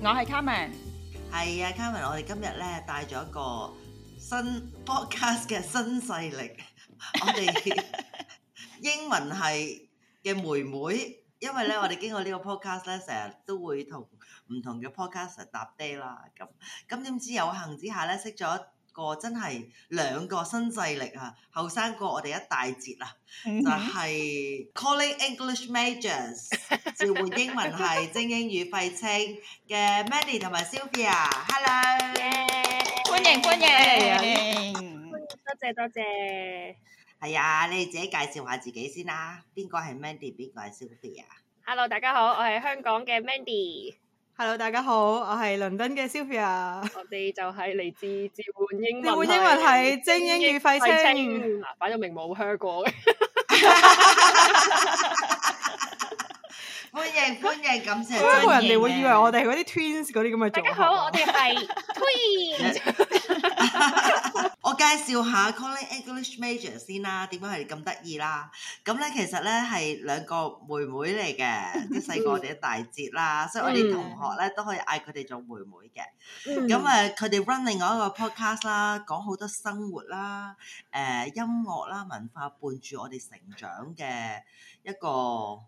我係 Carmen 係啊 Carmen 我哋今日咧帶咗一個新 podcast 嘅新勢力， 我哋們 英文係嘅妹妹，因為咧我哋經過呢個 podcast 咧成日都會同唔同嘅 podcast 搭嗲啦，咁咁點知有幸之下咧識咗。個真係兩個新勢力啊，後生過我哋一大截啊，就係 Calling English Majors，召喚英文系精英與廢青嘅 Mandy 同埋 Sylvia，Hello，歡迎歡迎，歡迎，多謝多謝。係啊，你哋自己介紹下自己先啦，邊個係 Mandy，邊個係 Sylvia？Hello，大家好，我係香港嘅 Mandy。Hello，大家好，我係倫敦嘅 Sylvia，我哋就係嚟自召喚英文，召喚英文系精英與廢青，嗱，反正明冇香港嘅。歡迎歡迎感謝，不過人哋會以為我哋係嗰啲 twins 嗰啲咁嘅做。大家好，我哋係 twins。 我介紹下 Calling English Major 先啦，點解係咁得意啦？咁咧其實咧係兩個妹妹嚟嘅，即係細個我哋一大截啦，所以我哋同學咧都可以嗌佢哋做妹妹嘅。咁啊，佢、呃、哋 run 另外一個 podcast 啦，講好多生活啦、誒、呃、音樂啦、文化，伴住我哋成長嘅一個。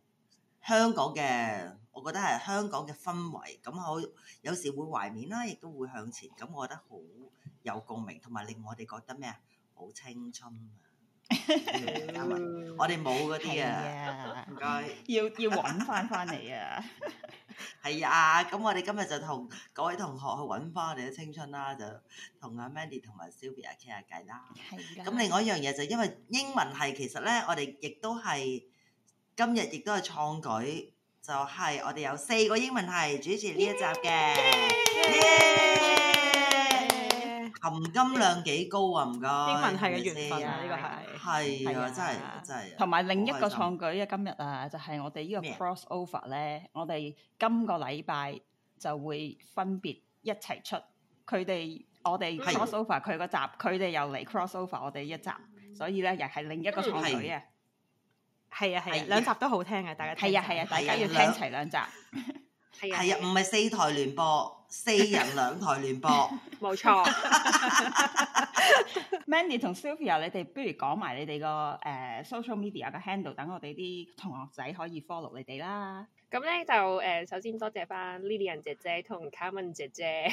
香港嘅，我覺得係香港嘅氛圍，咁我有時會懷念啦，亦都會向前，咁我覺得好有共鳴，同埋令我哋覺得咩啊？好青春啊！我哋冇嗰啲啊，唔該、啊嗯，要要揾翻翻嚟啊！係 啊，咁我哋今日就同各位同學去揾翻我哋嘅青春啦、啊，就同阿 Mandy 同埋 Sylvia 傾下偈啦、啊。係咁的另外一樣嘢就因為英文係其實咧，我哋亦都係。今日亦都係創舉，就係、是、我哋有四個英文系主持呢一集嘅，含 Yeah Yeah 金量幾高啊！唔該，英文系嘅緣分啊，呢個係係啊，真係真係，同埋另一個創舉嘅今日啊，就係我哋呢個 cross over 咧，我哋今個禮拜就會分別一齊出佢哋，我哋 cross over 佢個集，佢哋又嚟 cross over 我哋一集，所以咧又係另一個創舉啊！係啊係，啊兩集都好聽嘅，啊、大家聽。係啊係啊，啊大家要聽齊兩集。係啊，唔係、 啊、四台聯播， 四人兩台聯播。冇錯。Mandy 同 Sylvia，你哋不如講埋你哋個誒 social media 嘅 handle，等我哋啲同學仔可以 follow 你哋啦。咁咧就誒，首先多謝翻 Lily 人姐姐同 Carman 姐姐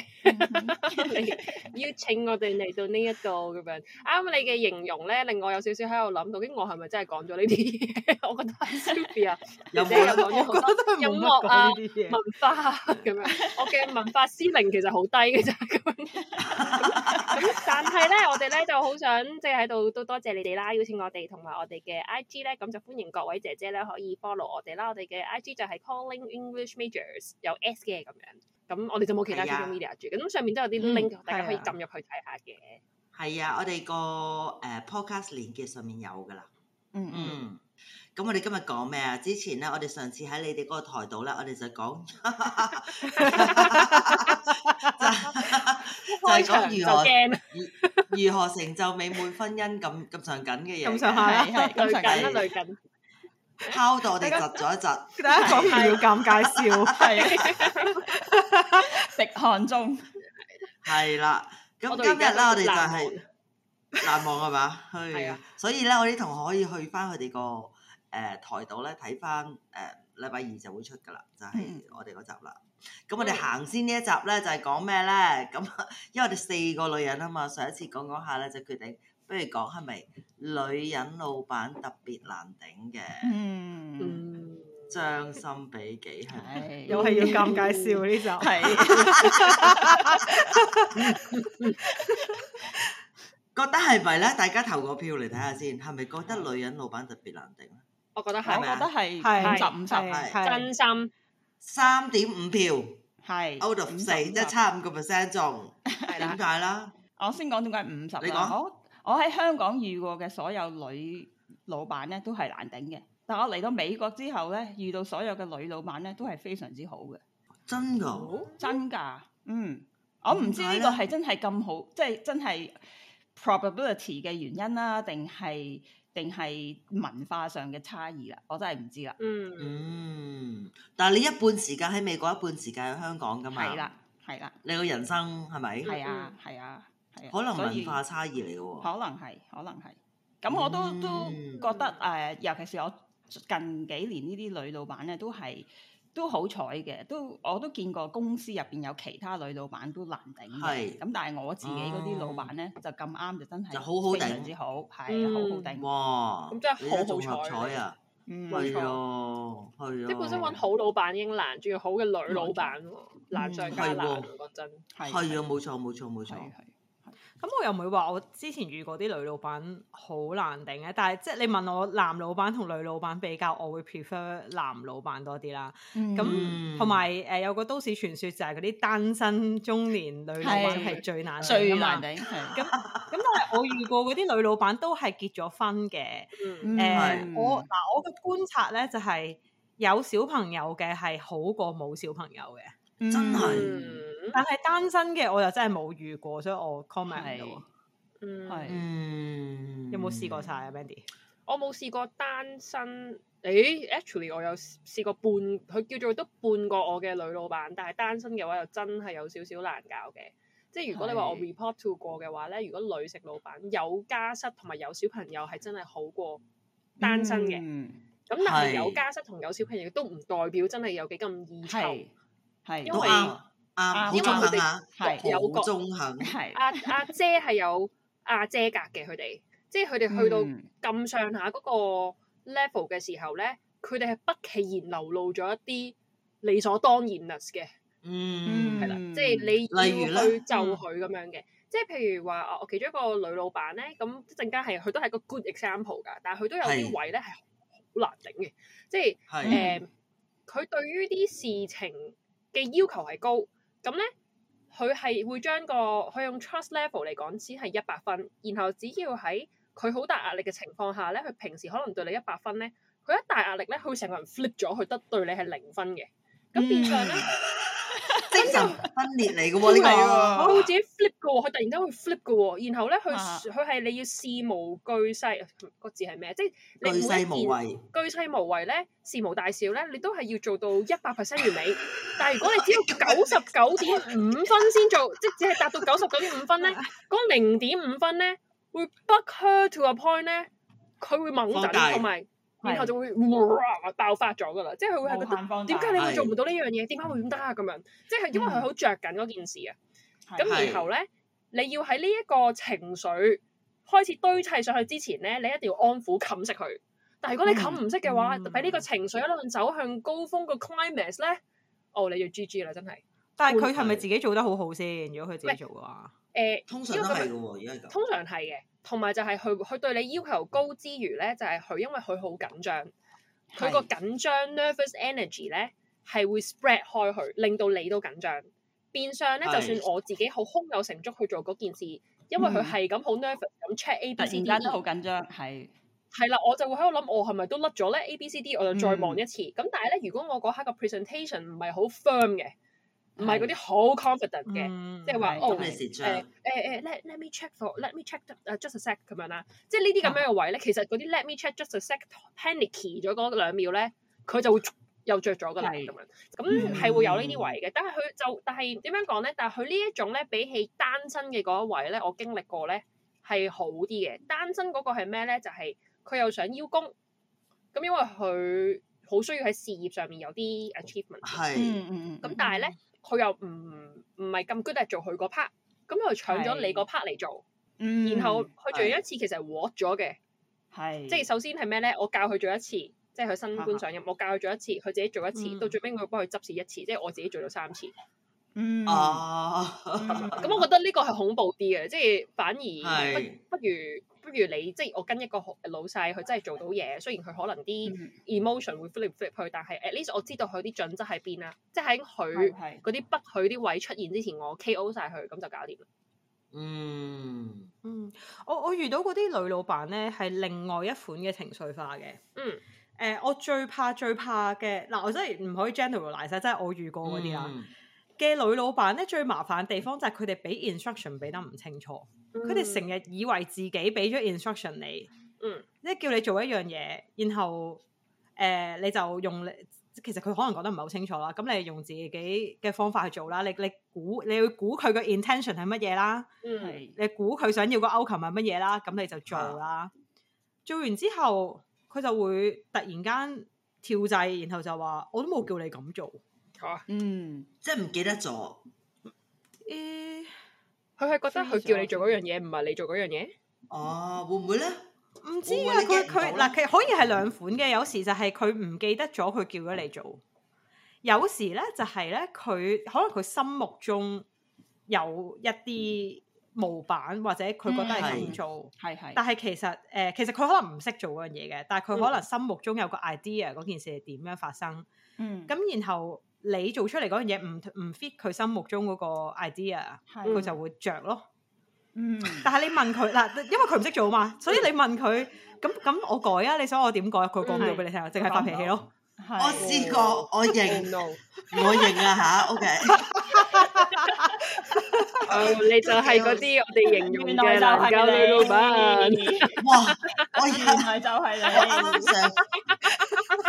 邀請我哋嚟到呢一個咁樣。啱、嗯、你嘅形容咧，令我有少少喺度諗，究竟我係咪真係講咗呢啲嘢？我覺得係啊， 有冇講咗好多音樂啊、文化咁樣？ 我嘅文化知能其實好低嘅啫。咁 但係咧，我哋咧就好想即係喺度都多謝你哋啦，邀請我哋同埋我哋嘅 IG 咧，咁就歡迎各位姐姐咧可以 follow 我哋啦，我哋嘅 IG 就係。Calling English majors 有 S 嘅咁樣，咁我哋就冇其他 social media 住，啊。咁上面都有啲 link，大家可以撳入去睇下嘅。係啊，我哋個誒 podcast 連結上面有噶啦。嗯嗯。咁、嗯、我哋今日講咩啊？之前咧，我哋上次喺你哋嗰個台度咧，我哋就講就講如何 如何成就美滿婚姻，咁咁上緊嘅嘢，咁上下啊，咁上緊啊，累緊。拋到我哋窒咗一窒，講完 要尷尬笑，係食汗中，係啦。咁今日啦，我哋就係難忘係嘛，係啊。所以咧，我啲同學可以去翻佢哋個誒台島咧睇翻誒禮拜二就會出噶啦，就係、是、我哋嗰集啦。咁是我哋行先呢一集咧，就係講咩咧？咁因為我哋四個女人啊嘛，上一次講講下咧，就決定。不如講係咪女人老闆特別難頂嘅？嗯，將心比己係，又係要咁介紹呢？就係覺得係咪咧？大家投個票嚟睇下先，係咪覺得女人老闆特別難頂咧？我覺得係，我覺得係，係五十五十，係真心三點五票，係 out of 五十四，即差五個 percent 仲係啦？點解啦？我先講點解五十，你講。我喺香港遇過嘅所有女老闆咧都係難頂嘅，但我嚟到美國之後咧，遇到所有嘅女老闆咧都係非常之好嘅。真㗎？真㗎？嗯，我唔知呢個係真係咁好，即係真係 probability 嘅原因啦，定係定係文化上嘅差異啦，我真係唔知啦。嗯嗯，但係你一半時間喺美國，一半時間喺香港㗎嘛？係啦，係啦。你個人生係咪？係啊，係啊。可能文化差異嚟喎，可能係可能係咁，我都都覺得誒，尤其是我近幾年呢啲女老闆咧，都係都好彩嘅。都我都見過公司入邊有其他女老闆都難頂嘅，咁但係我自己嗰啲老闆咧就咁啱，就真係就好好頂之好，係好好頂哇，咁真係好好彩啊！嗯，係咯，係啊，即係本身揾好老闆已經難，仲要好嘅女老闆，難上加難。講真係係啊，冇錯冇錯冇錯。咁我又唔會話我之前遇過啲女老闆好難頂嘅，啊，但係即係你問我男老闆同女老闆比較，我會 prefer 男老闆多啲啦。咁同埋誒有個都市傳說就係嗰啲單身中年女老闆係最難最難頂。咁咁，但係我遇過嗰啲女老闆都係結咗婚嘅。誒我嗱我嘅觀察咧就係、是、有小朋友嘅係好過冇小朋友嘅，嗯、真係。但係單身嘅我又真係冇遇過，所以我 comment 到，嗯，是嗯有冇試過晒啊，Mandy？我冇試過單身。誒、欸、，actually 我有試過半，佢叫做都半過我嘅女老闆。但係單身嘅話，又真係有少少難搞嘅。即係如果你我話我 report to 過嘅話咧，是如果女食老闆有家室同埋有小朋友，係真係好過單身嘅。咁但係有家室同有小朋友都唔代表真係有幾咁易溝，係因為。啱，好佢哋啊！有好是中肯恨。係阿阿姐係有阿、啊、姐格嘅佢哋，嗯、即係佢哋去到咁上下嗰個 level 嘅時候咧，佢哋係不期然流露咗一啲理所當然 ness 嘅、嗯嗯，嗯，係啦，即係你要去就佢咁樣嘅，即係譬如話，我其中一個女老闆咧，咁即陣間係佢都係個 good example 㗎，但係佢都有啲位咧係好難頂嘅，即係誒，佢是的、嗯、對於啲事情嘅要求係高。咁咧，佢係會將個佢用 trust level 嚟講，只係一百分。然後只要喺佢好大壓力嘅情況下咧，佢平時可能對你一百分咧，佢一大壓力咧，佢會成個人 flip 咗，佢得對你係零分嘅。咁變相咧。嗯 精神分裂嚟嘅喎，呢個佢會自己 flip 嘅喎，佢突然間會 flip 嘅喎，然後咧佢佢係你要事無巨細個字係咩？即係你唔會見巨細無遺咧，事無大小咧，你都係要做到一百 percent 完美。但係如果你只有九十九點五分先做，即係只係達到九十九點五分咧，嗰零點五分咧會 back her to a point 咧，佢會猛揼同埋。然後就會哇爆發咗㗎啦，即係佢會喺個點解你會做唔到呢樣嘢？點解會咁得啊？咁樣，即係因為佢好着緊嗰件事啊。咁然後咧，你要喺呢一個情緒開始堆砌上去之前咧，你一定要安撫冚熄佢。但係如果你冚唔熄嘅話，喺呢個情緒一路走向高峰個 climax 咧，哦，你就 GG 啦，真係。但係佢係咪自己做得好好先？如果佢自己做嘅話，誒，通常都係而家通常係嘅。同埋就係佢佢對你要求高之餘咧，就係、是、佢因為佢好緊張，佢個是緊張 nervous energy 咧係會 spread 開佢，令到你都緊張。變相咧，是就算我自己好胸有成竹去做嗰件事，因為佢係咁好 nervous 咁 check A B C D，突然間都好緊張，係係啦，我就會喺度諗我係咪都甩咗咧 A B C D，我就再望一次。咁、嗯、但係咧，如果我嗰刻個 presentation 唔係好 firm 嘅。唔係嗰啲好 confident 嘅，即係話哦誒誒 let let me check for let me check，啊 just a sec 咁樣啦、啊，即係呢啲咁樣嘅位咧，uh, 其實嗰啲 let me check just a sec，panicky 咗嗰兩秒咧，佢就會又着咗㗎啦，咁、mm, 樣，咁係會有呢啲位嘅，但係佢就，但係點樣講咧？但係佢呢一種咧，比起單身嘅嗰一位咧，我經歷過咧係好啲嘅。單身嗰個係咩咧？就係、是、佢又想邀功，咁因為佢好需要喺事業上面有啲 achievement。係、mm, mm,，咁但係咧。Mm, 佢又唔唔係咁 good 嚟做佢個 part，咁佢搶咗你個 part 嚟做，嗯、然後佢做有一次其實係 w 咗嘅，係是即係首先係咩咧？我教佢做一次，即係佢新官上任， 我教佢做一次，佢自己做一次，嗯、到最尾佢幫佢執事一次，即係我自己做咗三次。嗯，哦，咁我覺得呢個係恐怖啲嘅，即係反而不是不如。不如你即係我跟一個老細，佢真係做到嘢，雖然佢可能啲 emotion 會 flip 嚟 flip 去，但係 at least，我知道佢啲準則喺邊啊，即係喺佢嗰啲不許啲位出現之前，我 KO 晒佢，咁就搞掂啦。嗯嗯，我我遇到嗰啲女老闆咧，係另外一款嘅情緒化嘅。嗯，誒、呃，我最怕最怕嘅嗱，我真係唔可以 generalize 晒，即係我遇過嗰啲啦嘅女老闆咧，最麻煩地方就係佢哋俾 instruction 俾得唔清楚。佢哋成日以為自己俾咗 instruction 你，即係、嗯、叫你做一樣嘢，然後誒、呃，你就用，其實佢可能講得唔係好清楚啦。咁你用自己嘅方法去做啦。你你估，你會估佢嘅 intention 係乜嘢啦？嗯、你估佢想要個 outcome 係乜嘢啦？咁你就做啦。的做完之後，佢就會突然間跳掣，然後就話：我都冇叫你咁做。啊、嗯，即係唔記得咗。欸佢係覺得佢叫你做嗰樣嘢，唔係你做嗰樣嘢。哦、啊，會唔會咧？唔知啊，佢佢嗱，佢可以係兩款嘅。有時就係佢唔記得咗佢叫咗你做。有時咧就係咧，佢可能佢心目中有一啲模板，或者佢覺得係咁做，係係、嗯。但係其實誒、呃，其實佢可能唔識做嗰樣嘢嘅，但係佢可能心目中有個 idea 嗰件事係點樣發生。嗯，咁然後。你做出嚟嗰樣嘢唔唔 fit 佢心目中嗰個 idea，佢就會着咯。嗯，但係你問佢嗱，因為佢唔識做嘛，所以你問佢，咁咁我改啊？你想我點改？佢講唔到俾你聽，淨係發脾氣咯。我試過，我認怒，我認啊吓。OK，你就係嗰啲我哋形容嘅難搞女老闆。哇，我原來就係你。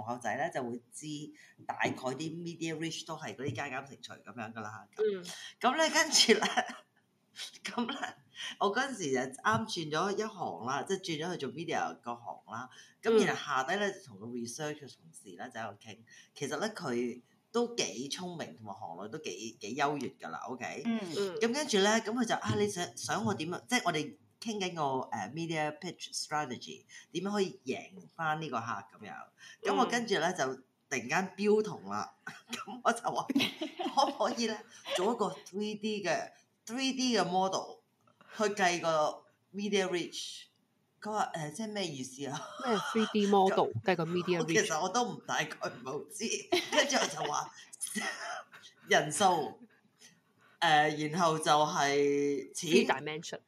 同學仔咧就會知大概啲 media reach 都係嗰啲加減乘除咁樣噶啦嚇。嗯。咁咧跟住咧，咁咧我嗰陣時就啱轉咗一行啦，即係轉咗去做 media 個行啦。嗯。咁然後下低咧就同個 research 嘅同事咧就喺度傾，其實咧佢都幾聰明，同埋行內都幾幾優越噶啦。OK。嗯咁跟住咧，咁佢就啊，你想想我點啊？即係我哋。嗯傾緊個誒 media pitch strategy 點樣可以贏翻呢個客咁樣咁、嗯、我跟住咧就突然間標同啦咁我就話可唔可以咧做一個 three d 嘅 three d 嘅 model 去計個 media reach 佢話誒即係咩意思啊咩 three d model 計個 media 其實我都唔大概唔好知跟住我就話人數誒、呃、然後就係錢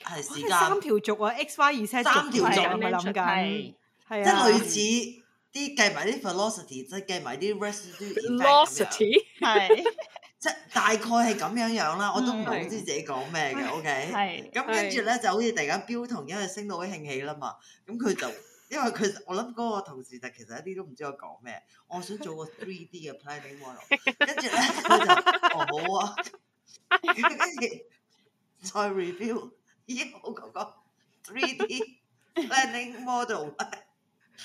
係時間三條軸啊，X、Y、二三條軸咁樣計，即係類似啲計埋啲 velocity，即係計埋啲 velocity 係即係大概係咁樣樣啦。我都唔係好知自己講咩嘅，OK？係咁跟住咧，就好似突然間標同一日升到好興起啦嘛。咁佢就因為佢，我諗嗰個同事就其實一啲都唔知我講咩。我想做個 three D 嘅 planning model，跟住咧，好啊，再 review。咦，好， 哥哥過 three D planning model 啦，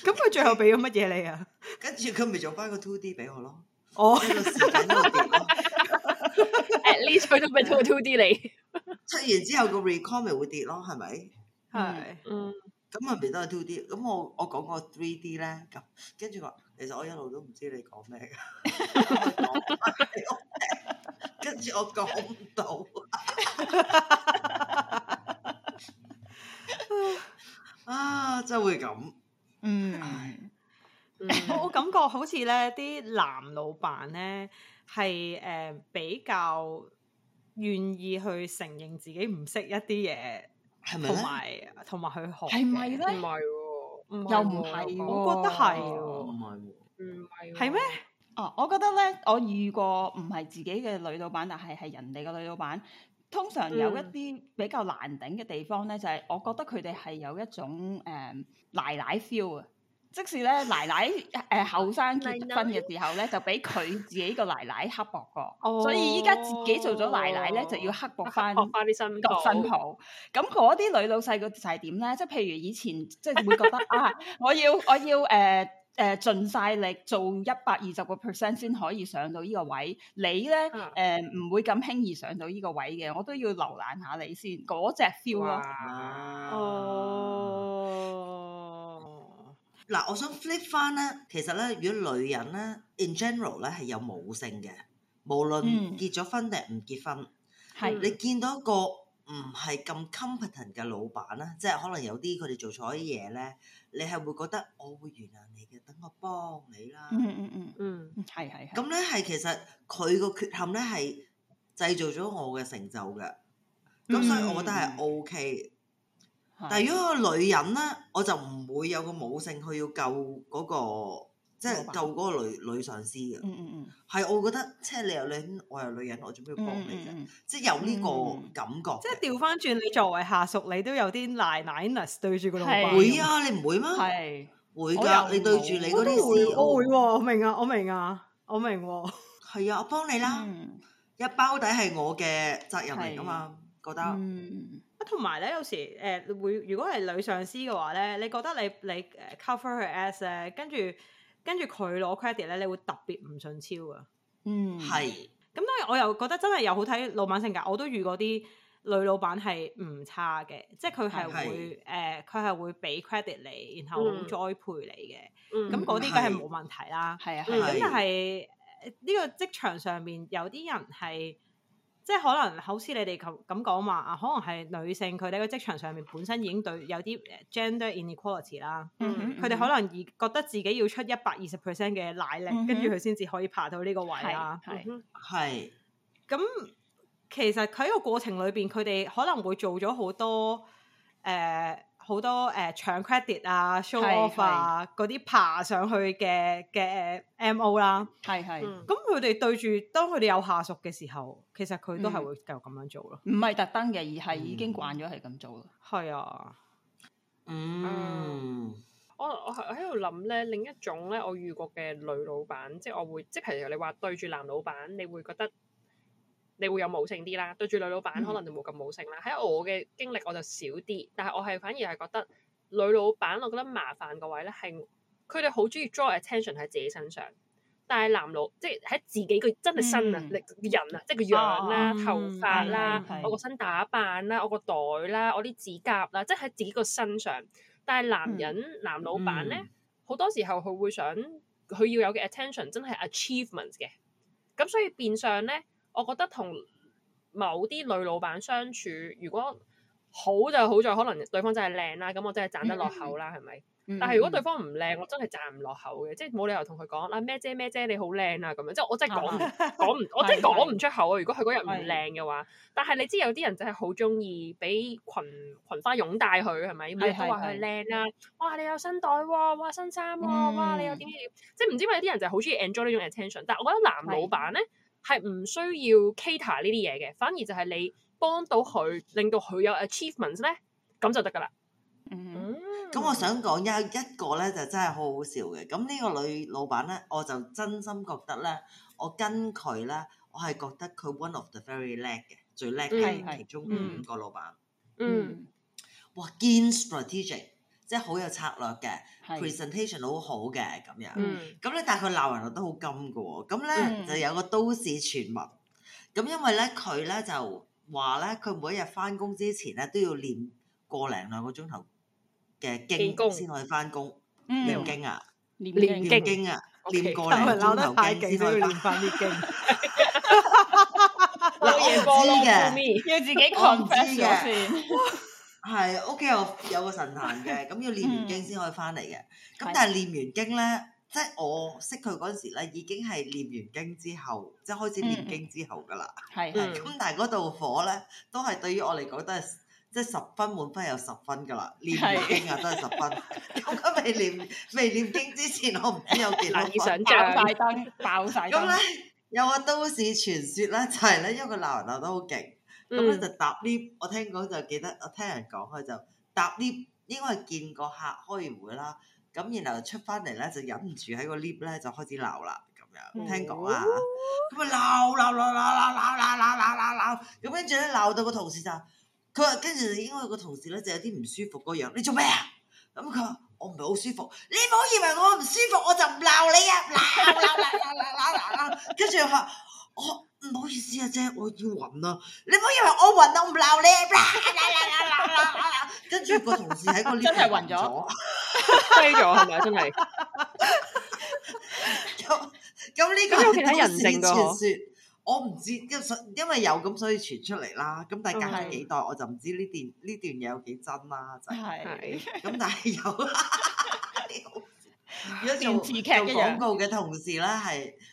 咁佢最後俾咗乜嘢你啊？跟住佢咪做翻個 two D 俾我咯。哦，at least 佢都俾咗個 two D 你出完之後個 recall 咪會跌咯，係咪？係， 嗯，咁啊、嗯，咪都係 two D。咁我我講個 three D 咧，跟住話，其實我一路都唔知你講咩噶，跟住我講唔到，到。 啊！真會咁，嗯，我感覺好似咧啲男老闆咧，係誒比較願意去承認自己唔識一啲嘢，係咪？同埋同埋去學，係咪咧？唔係喎，又唔係，我覺得係喎，唔係喎，唔係，係咩？哦，我覺得咧，我遇過唔係自己嘅女老闆，但係係人哋嘅女老闆。通常有一啲比較難頂嘅地方咧，嗯、就係我覺得佢哋係有一種誒奶、嗯、奶 feel 啊，即使咧奶奶誒後生結婚嘅時候咧， 就俾佢自己個奶奶刻薄過，哦、所以依家自己做咗奶奶咧，就要刻薄翻翻啲新，個新抱。咁嗰啲女老細個就係點咧？即係譬如以前，即係會覺得 啊，我要我要誒。誒盡晒力做一百二十個 percent 先可以上到呢個位，你咧誒唔會咁輕易上到呢個位嘅，我都要留難下你先嗰隻 feel 咯。那個、fe 哇哦，嗱哇、哦，我想 flip 翻咧，其實咧，如果女人咧，in general 咧係有母性嘅，無論結咗婚定唔結婚，係、嗯、你見到一個唔係咁 competent 嘅老闆啦，即係可能有啲佢哋做錯啲嘢咧。你係會覺得我會原諒你嘅，等我幫你啦、嗯。嗯嗯嗯嗯，係係。咁咧係其實佢個缺陷咧係製造咗我嘅成就嘅，咁所以我覺得係 OK。嗯、但係如果個女人咧，我就唔會有個母性去要救嗰個。即係救嗰個女女上司嘅，係我覺得，即係你又女，我又女人，我做咩要幫你啫？即係有呢個感覺。即係調翻轉，你作為下屬，你都有啲奶奶 ness 對住個老闆。會啊，你唔會咩？係會㗎，你對住你嗰啲事我會，我會喎，我明啊，我明啊，我明。係啊，我幫你啦，一包底係我嘅責任嚟㗎嘛，覺得。啊，同埋咧，有時誒會，如果係女上司嘅話咧，你覺得你你 cover 佢 ass 咧，跟住。跟住佢攞 credit 咧，你會特別唔順超啊。嗯，係是。咁當然我又覺得真係有好睇老闆性格。我都遇過啲女老闆係唔差嘅，即係佢係會誒，佢係是、呃、會俾 credit 你，然後栽培你嘅。嗯，咁嗰啲梗係冇問題啦。係啊、嗯，咁但係呢個職場上面有啲人係。即係可能，好似你哋咁講嘛，可能係女性佢哋喺個職場上面本身已經對有啲 gender inequality 啦，佢哋、嗯嗯、可能而覺得自己要出一百二十 percent 嘅奶力，嗯、哼跟住佢先至可以爬到呢個位啦。係，咁、嗯、哼其實佢喺個過程裏邊，佢哋可能會做咗好多誒。呃好多誒、呃、搶 credit 啊，show off 啊，嗰啲是爬上去嘅嘅 MO 啦、啊，係係是。咁佢哋對住當佢哋有下屬嘅時候，其實佢都係會繼續咁樣做咯。唔係特登嘅，而係已經慣咗係咁做咯。係、嗯、啊，嗯，嗯我我喺度諗咧，另一種咧，我遇過嘅女老闆，即係我會，即係譬如你話對住男老闆，你會覺得。你會有母性啲啦，對住女老闆可能就冇咁母性啦。喺、嗯、我嘅經歷我就少啲，但係我係反而係覺得女老闆我覺得麻煩個位咧，係佢哋好中意 draw attention 喺自己身上。但係男老即係喺自己個真係身啊，力、嗯、人啊，即係個樣啦、哦、頭髮啦、啊、嗯、我個身打扮啦、啊、我個袋啦、啊、我啲指甲啦、啊，即係喺自己個身上。但係男人、嗯、男老闆咧，好、嗯、多時候佢會想佢要有嘅 attention 真係 achievements 嘅，咁所以變相咧。我覺得同某啲女老闆相處，如果好就好在可能對方真係靚啦，咁我真係讚得落口啦，係咪、嗯？是是，但係如果對方唔靚，我真係讚唔落口嘅，即係冇理由同佢講，啊咩姐咩姐，你好靚啊咁樣，即係我真係講講唔，我真係講唔出口啊！ 是是，如果佢嗰日唔靚嘅話，但係你知有啲人就係好中意俾群羣花擁戴佢，係咪？每日是都話佢靚啦，是是是，哇你有新袋喎、啊，哇新衫喎、啊，哇你又點點點，即係唔知點解有啲人就係好中意 enjoy 呢種 attention。但係我覺得男老闆咧。是係唔需要 cater 呢啲嘢嘅，反而就係你幫到佢，令到佢有 achievements 咧、mm，咁就得噶啦。Hmm. 嗯，咁我想講一一個咧就真係好好笑嘅。咁呢個女老闆咧，我就真心覺得咧，我跟佢咧，我係覺得佢 one of the very 叻嘅，最叻係、mm hmm. 其中五個老闆。嗯，哇，gain strategic。即係好有策略嘅 presentation，好好嘅咁樣。咁咧，但係佢鬧人又都好金嘅喎。咁咧就有個都市傳聞。咁因為咧，佢咧就話咧，佢每日翻工之前咧都要練個零兩個鐘頭嘅經先可以翻工。練經啊！練練經啊！練個零鐘頭經，只需要練翻啲經。我唔知嘅，要自己抗知嘅。係，屋企有有個神壇嘅，咁要唸完經先可以返嚟嘅。咁、嗯、但係唸完經咧，的即係我識佢嗰陣時咧，已經係唸完經之後，即係開始唸經之後㗎啦。係咁、嗯嗯、但係嗰道火咧，都係對於我嚟講都係即係十分滿分，有十分㗎啦。唸完經啊，都係十分。咁未唸未唸經之前，我唔知有幾多分 爆曬燈。咁咧有個都市傳説咧，就係、是、咧，因為佢鬧人鬧得好勁。咁咧就搭 lift，我聽講就記得，我聽人講佢就搭 lift，應該係見個客開完會啦，咁然後出翻嚟咧就忍唔住喺個 lift 咧就開始鬧啦，咁樣聽講啊，咁啊鬧鬧鬧鬧鬧鬧鬧鬧鬧鬧，咁跟住咧鬧到個同事就，佢話跟住應該個同事咧就有啲唔舒服個樣，你做咩啊？咁佢話我唔係好舒服，你唔好以為我唔舒服我就唔鬧你啊，鬧鬧鬧鬧鬧鬧鬧，跟住佢話我。唔好意思啊，姐，我要暈啦！你唔好以為我暈啦，我唔鬧你。啊啊啊啊啊啊啊啊、跟住個同事喺個呢邊，真係暈咗，低咗係咪啊？真係。咁咁呢啲都係傳說，我唔知，因為有咁所以傳出嚟啦。咁但係隔咗幾代，我就唔知呢段呢段嘢有幾真啦。真 就係、是、咁，但係有， 有。如果做 有做廣告嘅同事咧，係。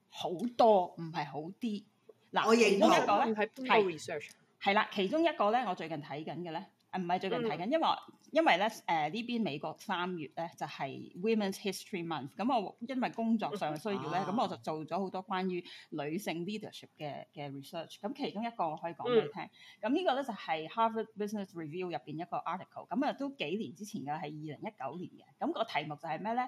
多好多唔係好啲，嗱，其中一個咧，research 係啦，其中一個咧，我最近睇緊嘅咧，唔、啊、係最近睇緊、mm hmm.，因為因為咧，誒、呃、呢邊美國三月咧就係、是、Women's History Month，咁我因為工作上嘅需要咧，咁、mm hmm. 我就做咗好多關於女性 leadership 嘅嘅 research，咁其中一個我可以講俾你聽，咁、mm hmm. 呢個咧就係、是、Harvard Business Review 入邊一個 article，咁啊都幾年之前㗎，係二零一九年嘅，咁、那個題目就係咩咧？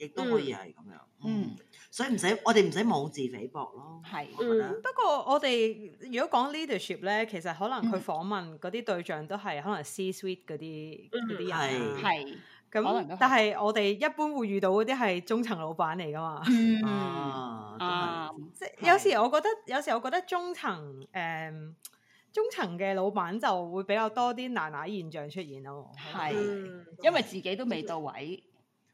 亦都可以係咁樣，嗯，所以唔使我哋唔使妄自菲薄咯。係，我覺得。嗯。不過我哋如果講 leadership 咧，其實可能佢訪問嗰啲對象都係可能 C-suite 嗰啲嗰啲人，係。咁，但係我哋一般會遇到嗰啲係中層老闆嚟噶嘛。嗯啊，即係有時我覺得有時我覺得中層誒中層嘅老闆就會比較多啲奶奶現象出現咯。係，因為自己都未到位。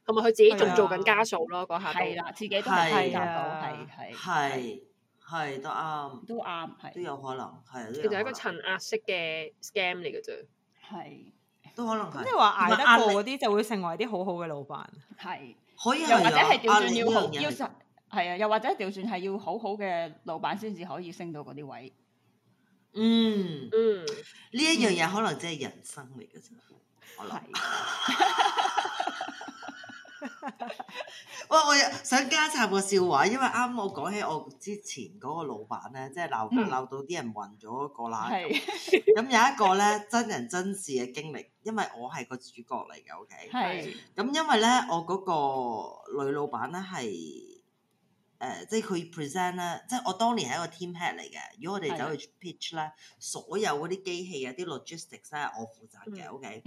同埋佢自己仲做緊家數咯，嗰下。係啦，自己都係睇得到，係係。係都啱。都啱係。都有可能係。其實係一個層壓式嘅 scam 嚟嘅啫。係都可能。即係話捱得過嗰啲，就會成為啲好好嘅老闆。係可以又或者係調轉要好要實。啊，又或者調轉係要好好嘅老闆先至可以升到嗰啲位。嗯嗯，呢一樣嘢可能即係人生嚟嘅啫，可能。我諗。哇、哦！我又想加插個笑話，因為啱我講起我之前嗰個老闆咧，即係鬧鬧到啲、嗯、人暈咗嗰個啦。咁是 有一個咧，真人真事嘅經歷，因為我係個主角嚟嘅，OK？係咁是，因為咧我嗰個女老闆咧係。誒，即係佢 present 啦，即係我當年係一個 team head 嚟嘅。如果我哋走去 pitch 啦，所有嗰啲機器啊、啲 logistics 啦，我負責嘅。OK，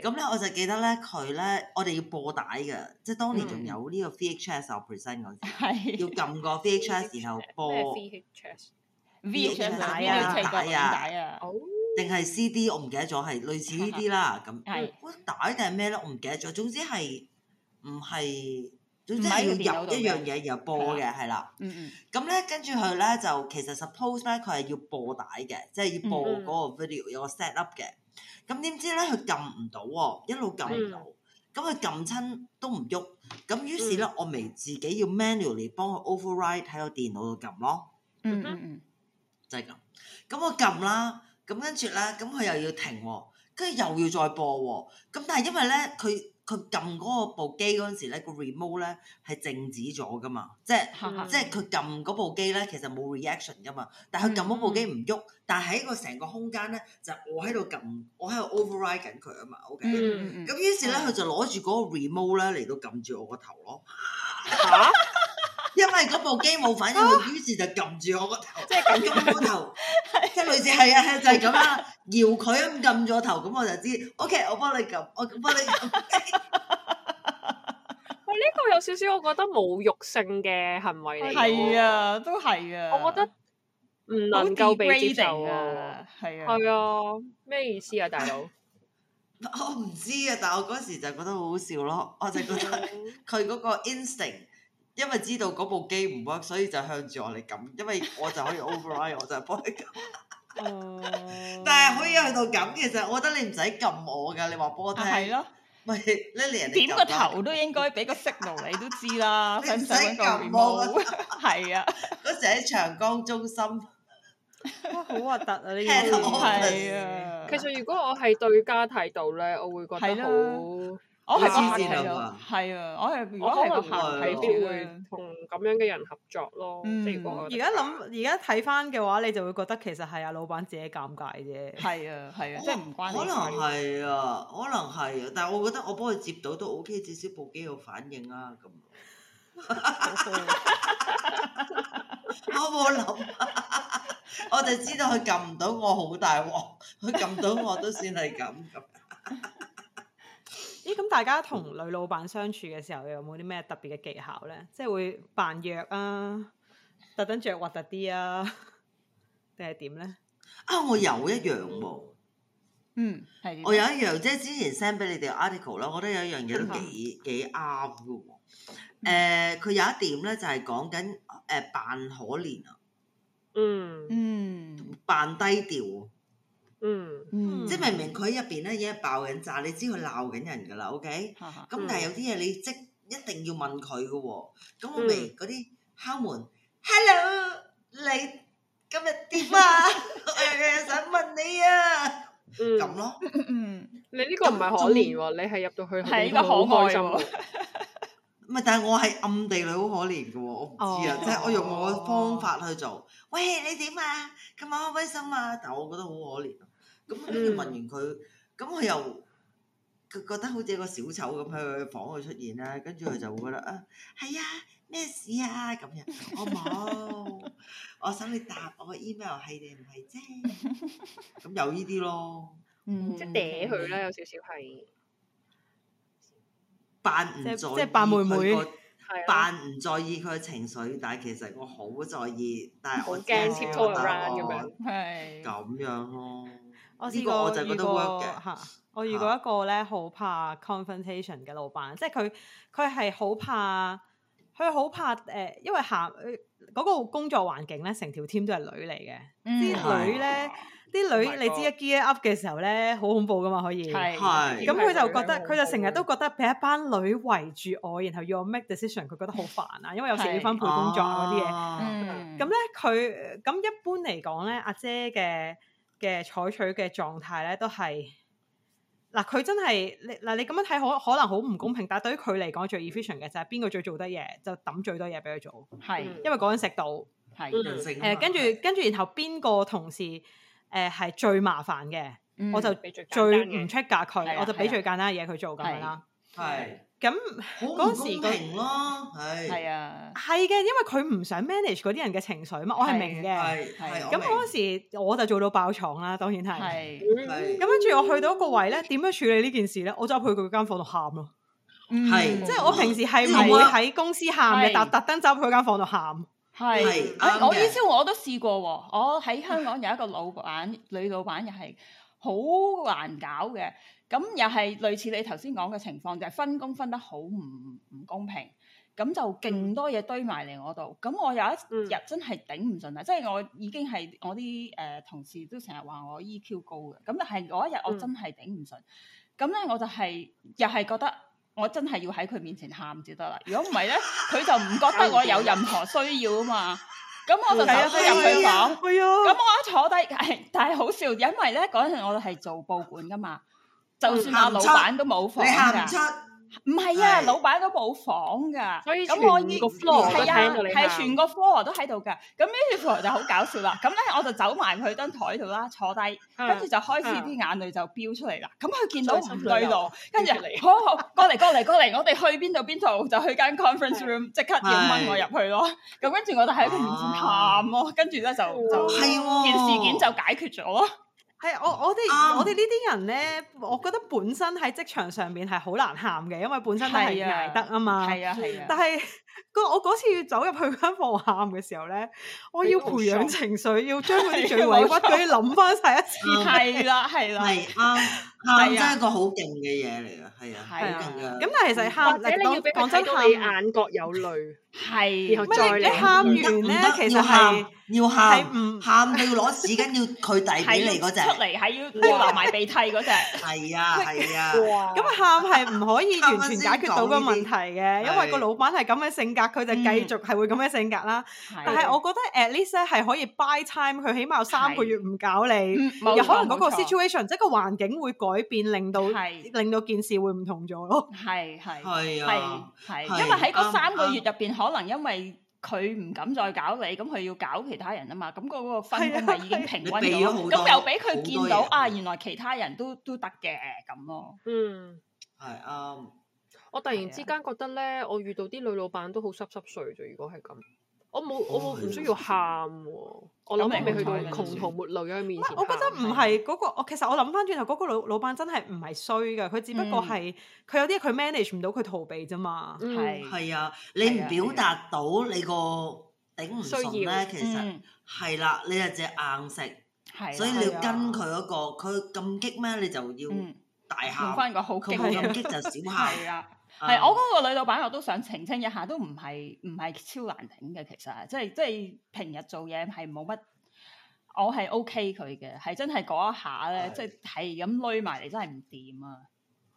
咁咧我就記得咧，佢咧我哋要播帶嘅，即係當年仲有呢個 VHS，我 present 嗰陣要撳個 VHS，然後播咩 VHS？VHS 帶啊，帶啊，定係 CD？我唔記得咗係類似呢啲啦。咁，帶定係咩咧？我唔記得咗。總之係唔係？總之係要入一樣嘢，然後播嘅係啦。咁咧的，跟住佢咧就其實 suppose 咧佢係要播帶嘅，即係要播嗰個 video 有的個 set up 嘅。咁點知咧佢撳唔到喎，一路撳唔到。咁佢撳親都唔喐。咁於是咧，我咪自己要 manually 幫佢 override 喺個電腦度撳咯。嗯嗯嗯， 就係咁。咁我撳啦，咁跟住咧，咁佢又要停，跟住又要再播。咁但係因為咧佢。佢撳嗰部機嗰陣時咧，個 remote 咧係靜止咗噶嘛，即係、嗯、即係佢撳嗰部機咧，其實冇 reaction 噶嘛，但係佢撳嗰部機唔喐，但係喺個成個空間咧，就是、我喺度撳，我喺度 override 緊佢啊嘛，OK，咁、嗯嗯、於是咧，佢、嗯、就攞住嗰個 remote 咧嚟到撳住我個頭咯。啊 因為嗰部機冇反應，佢於是就撳住我個頭，即係撳咗我個頭， 是啊、即係類似係啊，係啊就係咁啦，搖佢咁撳咗頭，咁我就知。OK，我幫你撳，我幫你撳。喂，呢個有少少，我覺得侮辱性嘅行為嚟，係啊，都係啊，我覺得唔能夠被接受 degrading, 啊，係啊，係啊，咩意思啊，大佬？ 我唔知啊，但係我嗰時就覺得好好笑咯，我就覺得佢嗰個 instinct。因為知道嗰部機唔 work，所以就向住我哋撳。因為我就可以 override 我就幫佢撳。但係可以去到咁，其實我覺得你唔使撳我噶，你話幫我睇咯。喂，Lily，點個頭都應該俾個 signal，你都知啦。你唔使撳我，係啊。嗰時喺長江中心，好核突啊！呢啲係啊。其實如果我係對家態度咧，我會覺得好。我係自然啊，係啊，我係如果我行，未必會同咁樣嘅人合作咯。嗯，而家諗，而家睇翻嘅話，你就會覺得其實係阿老闆自己尷尬啫。係啊，係啊，即係唔關事。可能係啊，可能係啊，但係我覺得我幫佢接到都 OK，至少部機有反應啊。咁，我冇諗，我就知道佢撳唔到我好大鑊，佢撳到我都算係咁。咦，咁大家同女老闆相處嘅時候，有冇啲咩特別嘅技巧咧？即係會扮弱啊，特登着核突啲啊，定係點咧？啊，我有一樣喎、啊，嗯，係，我有一樣即係之前 send 俾你哋 article 啦，嗯、我覺得有一樣嘢幾、嗯、幾啱嘅喎。佢、呃、有一點咧就係、是、講緊誒扮可憐啊，嗯嗯，扮、嗯、低調、啊。嗯，mm. 即係明明佢入邊咧已經爆緊炸，你知佢鬧緊人噶啦，OK？咁、 嗯、但係有啲嘢你即一定要問佢嘅喎。咁我咪嗰啲敲門、mm.，Hello，你今日點啊？我又 想問你啊，咁、mm. 咯。嗯、mm. 哦，天你呢個唔係可憐喎，你係入到去係呢、啊、個可愛喎。咪 但係我係暗地裏好可憐嘅喎，我唔知啊，oh. 即係我用我嘅方法去做。喂，你點啊？今日開心嘛？但係我覺得好可憐。咁跟住問完佢，咁我又覺得好似個小丑咁喺佢房度出現啦。跟住佢就會覺得啊，係啊，咩事啊咁樣，我冇，我想你答我個 email 係定唔係啫？咁有呢啲咯，即係嗲佢啦，有少少係扮唔在意佢，扮妹妹，扮唔在意佢嘅情緒，但係其實我好在意。但係我驚超 tolerance 咁樣，咯。我試過，我就覺得 work 嘅。我遇過一個咧，好怕 confrontation 嘅老闆，即係佢佢係好怕，佢好怕誒，因為下嗰個工作環境咧，成條 team 都係女嚟嘅，啲女咧，啲女你知一 gear up 嘅時候咧，好恐怖噶嘛，可以係。咁佢就覺得，佢就成日都覺得俾一班女圍住我，然後要我 make decision，佢覺得好煩啊，因為有時要分配工作嗰啲嘢。咁咧，佢咁一般嚟講咧，阿姐嘅。嘅採取嘅狀態咧，都係嗱佢真係嗱你咁樣睇可可能好唔公平，但係對於佢嚟講最 efficient 嘅就係邊個最做得嘢就揼最多嘢俾佢做，係是因為嗰陣食到係誒跟住跟住，然後邊個同事誒係、呃、最麻煩嘅，我就俾最唔 check 格佢，我就俾最簡單嘅嘢佢做咁樣啦。的係咁嗰時唔公平咯，係係啊，係嘅，因為佢唔想 manage 嗰啲人嘅情緒嘛，我係明嘅。係係咁嗰時我就做到爆廠啦，當然係。係咁跟住我去到一個位咧，點樣處理呢件事咧？我就去佢間房度喊咯。係即係我平時係唔會喺公司喊嘅，特特登走去佢間房度喊。係，我意思我都試過喎。我喺香港有一個老闆，女老闆又係好難搞嘅。咁又係類似你頭先講嘅情況，就係、是、分工分得好唔唔公平，咁就勁多嘢堆埋嚟我度，咁、嗯、我有一日真係頂唔順啦，即係、嗯、我已經係我啲誒、呃、同事都成日話我 EQ 高嘅，咁但係嗰一日我真係頂唔順，咁咧、嗯、我就係、是、又係覺得我真係要喺佢面前喊至得啦，如果唔係咧，佢就唔覺得我有任何需要啊嘛，咁、嗯、我就實入去房，咁、啊啊啊、我一坐低， 但係好笑，因為咧嗰陣我哋係做報館噶嘛。就算我老闆都冇房㗎，唔係啊，老闆都冇房㗎。所以咁我呢個 floor 係啊，係全個 floor 都喺度㗎。咁於是乎就好搞笑啦。咁咧我就走埋去張台度啦，坐低，跟住就開始啲眼淚就飆出嚟啦。咁佢見到唔對路，跟住嚟，好好過嚟過嚟過嚟，我哋去邊度邊度就去間 conference room，即刻要掹我入去咯。咁跟住我就喺佢面前喊咯，跟住咧就就係件事件就解決咗咯。係我我哋，um, 我哋呢啲人咧，我覺得本身喺職場上面係好難喊嘅，因為本身都係捱得啊嘛。係啊，係啊，係啊，但係。個我嗰次要走入去間房喊嘅時候咧，我要培養情緒，要將佢哋最委屈嗰啲諗翻晒一次。係啦，係啦，係啱。咁真係一個好勁嘅嘢嚟嘅，係啊，係勁噶。咁但係其實喊，你講真喊，眼角有淚，係。咩嚟嘅喊唔得？唔得要喊，要喊。係唔喊，佢要攞紙巾要佢遞俾你嗰隻。出嚟係要，流埋鼻涕嗰隻。係啊，係啊。哇！咁啊，喊係唔可以完全解決到個問題嘅，因為個老闆係咁樣嘅。性格佢就繼續係會咁嘅性格啦，但係我覺得 at least 咧係可以 buy time 佢起碼有三個月唔搞你，又可能嗰個 situation 即係個環境會改變，令到令到件事會唔同咗咯。係係係啊係，因為喺嗰三個月入邊，可能因為佢唔敢再搞你，咁佢要搞其他人啊嘛，咁個嗰個分工咪已經平均咗，咁又俾佢見到啊，原來其他人都都得嘅咁咯。嗯，係啊。我突然之間覺得咧，我遇到啲女老闆都好濕濕碎啫。如果係咁，我冇我冇唔需要喊喎。我諗你未去到窮途末路嘅面前。我覺得唔係嗰個。我其實我諗翻轉頭，嗰個老老闆真係唔係衰嘅。佢只不過係佢有啲嘢佢 manage 唔到，佢逃避啫嘛。係係啊，你唔表達到你個頂唔需順頂唔順咧，其實係啦，你係隻硬食，所以你要跟佢嗰個，佢咁激咩，你就要大喊。翻個好佢冇咁激就小喊。係，我嗰個女老闆我都想澄清一下，都唔係唔係超難頂嘅，其實，即係即係平日做嘢係冇乜，我係 OK 佢嘅，係真係嗰一下咧，是即係係咁累埋嚟，真係唔掂啊！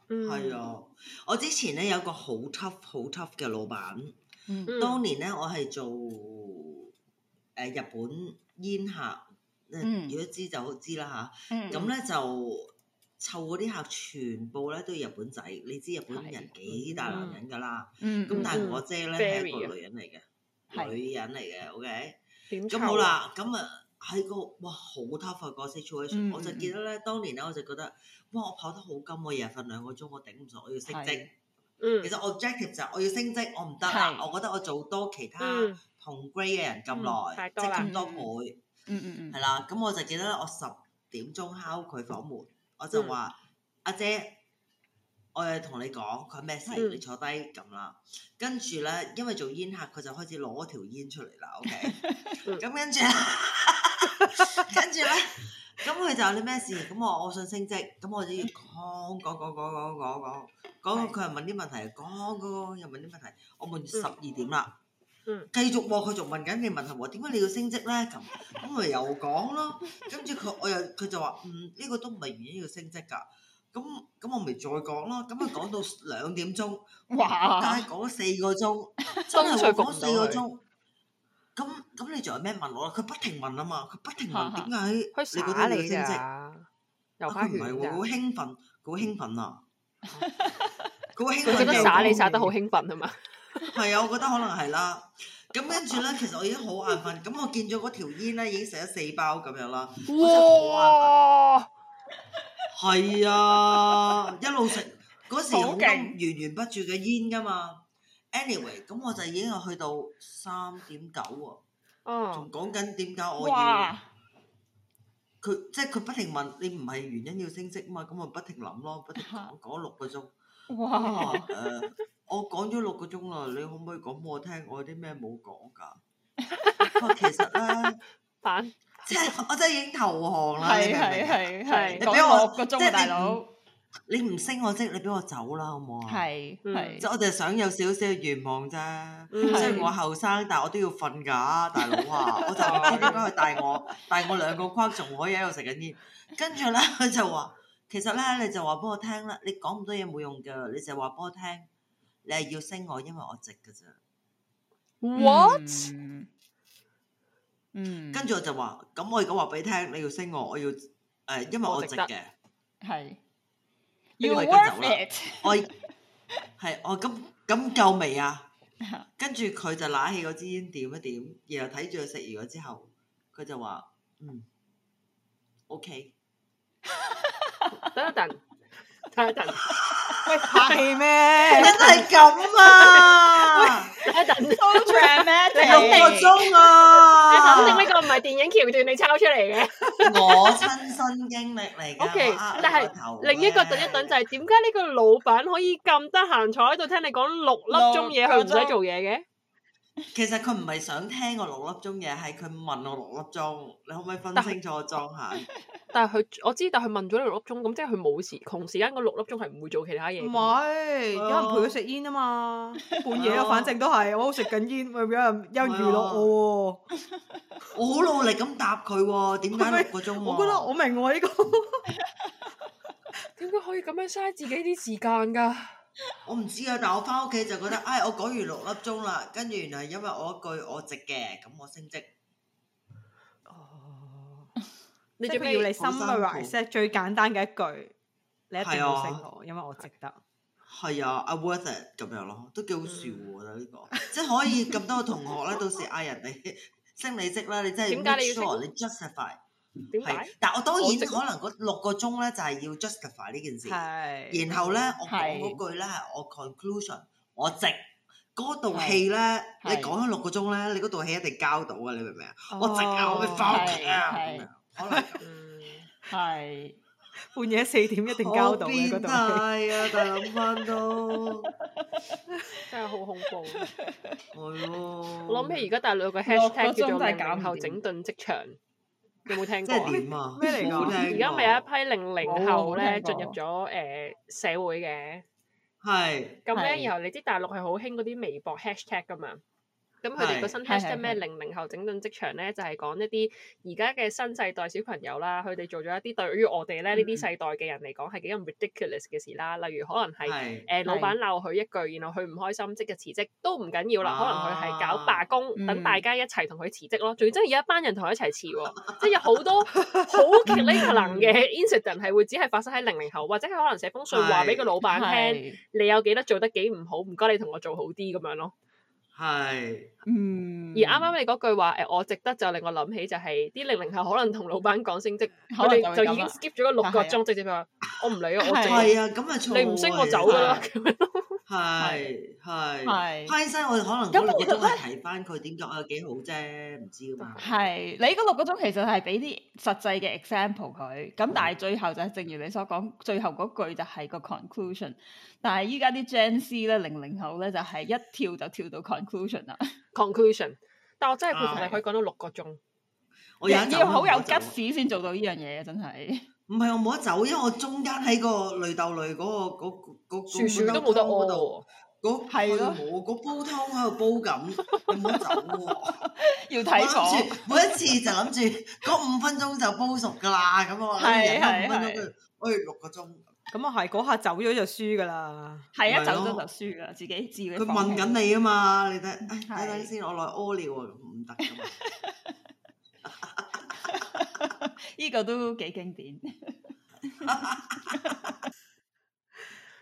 係啊，我之前咧有個好 tough 好 tough 嘅老闆，嗯、當年咧我係做誒、呃、日本煙客，嗯、如果知就好知啦吓，咁咧、嗯、就。湊嗰啲客全部咧都係日本仔，你知日本人幾大男人噶啦。咁但係我姐咧係一個女人嚟嘅，女人嚟嘅。OK，咁好啦，咁啊喺個哇好 tough 嘅個 situation，我就記得咧，當年咧我就覺得哇，我跑得好金，我日日瞓兩個鐘，我頂唔順，我要升職。其實 objective 就我要升職，我唔得啦。我覺得我做多其他同 grade 嘅人咁耐，即咁多倍。嗯係啦，咁我就記得咧，我十點鐘敲佢房門。我就話阿姐，我有同你講佢咩事，你坐低咁啦。跟住咧，因為做煙客，佢就開始攞條煙出嚟啦。OK，咁跟住咧，跟住咧，咁佢就話啲咩事？咁我我想升職，咁我就要講講講講講講講，佢又問啲問題，講嗰個又問啲問題，我問十二點啦。嗯、繼續喎、哦，佢仲問緊你問題喎，點解你要升職咧？咁咁咪又講咯。跟住佢，我又佢就話，嗯，呢、呢個都唔係原因要升職㗎。咁咁我咪再講咯。咁咪講到兩點鐘，嘩哇！但係講四個鐘，真係講四個鐘。咁咁你仲有咩問我？佢不停問啊嘛，佢不停問點解 你嗰啲要升職？又佢唔係喎，好、啊哦、興奮，好 興奮啊！佢 覺得耍你耍得好興奮啊嘛～ 係啊， 我覺得可能係啦。咁 's 跟住咧，其實我已經好眼瞓。咁、 嗯、我見咗嗰條煙咧，已經食咗四包咁樣啦。哇！係啊， 一路食嗰時好多源源不絕嘅煙㗎嘛。Anyway，咁我就已經去到三點九喎。仲講緊點解我要？佢、呃、哇即係佢不停問你，唔係原因要清晰啊嘛。咁我不停諗咯，不停講講六個鐘。哇、嗯！ 我講咗六個鐘啦，你可唔可以講俾我聽？我有啲咩冇講㗎？ 其實咧， 即係我真係已經投降啦，係係係。你俾我六個鐘，大佬，你唔升我職，你俾我走啦，好唔好啊？係係，我就係想有少少嘅願望啫。即係我後生，但係我都要瞓㗎，大佬啊！我就唔知點解佢帶我 帶我兩個框，仲可以喺度食緊煙。跟住咧，佢就話：其實咧，你就話俾我聽啦。你講咁多嘢冇用㗎，你就話俾我聽。你係要升我，因為我值嘅啫。What？嗯，跟住我就話：咁我而家話俾你聽，你要升我，我要誒，因為我值嘅。係，你 worth it？我係我咁咁夠未啊？跟住佢就攞起嗰支煙點一點，然後睇住佢食完咗之後，佢就話：嗯，OK。等一陣，等一陣。係咩？喂，真係咁啊！ 喂，好長咩？六、so dramatic 個鐘啊！ 你反正呢個唔係電影橋段，你抄出嚟嘅。 我親身經歷嚟嘅。O Okay , K，但係另一個等一等就係，點解呢個老闆可以咁得閒坐喺度聽你講六粒鐘嘢，佢唔使做嘢嘅？其實佢唔係想聽我六粒鐘嘅，係佢問我六粒鐘，你可唔可以分清楚裝下？但係佢我知，但係問咗你六粒鐘，咁即係佢冇時窮時間，個六粒鐘係唔會做其他嘢。唔係有人陪佢食煙啊嘛，半夜咯，了反正都係我好食緊煙，咪有人又娛樂我。我好了了努力咁答佢，啊，點解六個鐘，啊？我覺得我明喎呢，啊這個，點 解可以咁樣嘥自己啲時間噶，啊？我唔知啊，但係我翻屋企就覺得，哎，我講完六粒鐘啦，跟住原來係因為我一句我值嘅，咁我升職。哦，即係要你心去 recall，最簡單嘅一句，你一定要升我，因為我值得。係啊，I worth it 咁樣咯，都幾好笑喎！就呢個，即係可以咁多同學咧，到時嗌人哋升你職啦，你真係。點解你要升我？你 justify。點解？但我當然可能嗰六個鐘咧，就係要 justify 呢件事。係。然後咧，我講嗰句咧係我 conclusion，我直嗰度戲咧，你講咗六個鐘咧，你嗰度戲一定交到啊。你明唔明啊？我直啊，我咪返屋企啊咁樣。係。半夜四點一定交到嘅嗰度戲啊！但係諗翻都真係好恐怖。係咯。我諗起而家大陸有個 hashtag 叫做名門後整頓職場。有冇聽過？即係點啊？咩嚟嘅？而家咪有一批零零後咧、哦、進入咗誒、呃、社會嘅。係是。咁咧，然後你知大陸係好興嗰啲微博的 hashtag 㗎嘛？咁佢哋個新 test 係咩？零零後整頓職場咧，就係、是、講一啲而家嘅新世代小朋友啦。佢哋做咗一啲對於我哋咧呢啲、嗯、世代嘅人嚟講係幾咁 ridiculous 嘅事啦。例如可能係誒老闆鬧佢一句，然後佢唔開心，即係辭職都唔緊要啦。可能佢係搞罷工，等、啊、大家一齊同佢辭職咯。仲要真係有一班人同佢一齊辭，即係有好多好 c a t a 嘅 incident 係會只係發生喺零零後，或者佢可能寫封信話俾個老闆聽是、嗯，你有幾得做得幾唔好，唔該你同我做好啲咁樣咯。係，是嗯，而啱啱你嗰句話，誒、欸，我值得就令我諗起就係、是、啲零零後可能同老闆講升職，我哋就，就已經 skip 咗個六個鐘、啊、直接話，我唔理我係啊，咁啊錯，你唔升我走噶啦，係係係，派生我哋可能而家我都係提翻佢點做啊幾好啫，唔知啊嘛，係，你嗰六個鐘其實係俾啲實際嘅 example 佢，咁但係最後就係正如你所講，最後嗰句就係個 conclusion，但係依家啲 Gen C 咧零零後咧就係一跳就跳到 con。Conclusion 啊，Conclusion！但係我真係佩服佢講到六個鐘，啊、我要好有吉先做到呢樣嘢，真係。唔係我冇得走，因為我中間喺個雷豆擂嗰、那個嗰嗰嗰煲湯嗰度，嗰我嗰煲湯喺度煲緊，冇得走，要睇住，每一次就諗住嗰五分鐘就煲熟㗎喇，咁我諗住五分鐘佢可以六個鐘。咁啊，係嗰下走咗就輸噶啦，係啊，走咗就輸噶，自己自己佢問緊你啊嘛，你睇，等等先，我來屙尿啊，唔得。呢個都幾經典。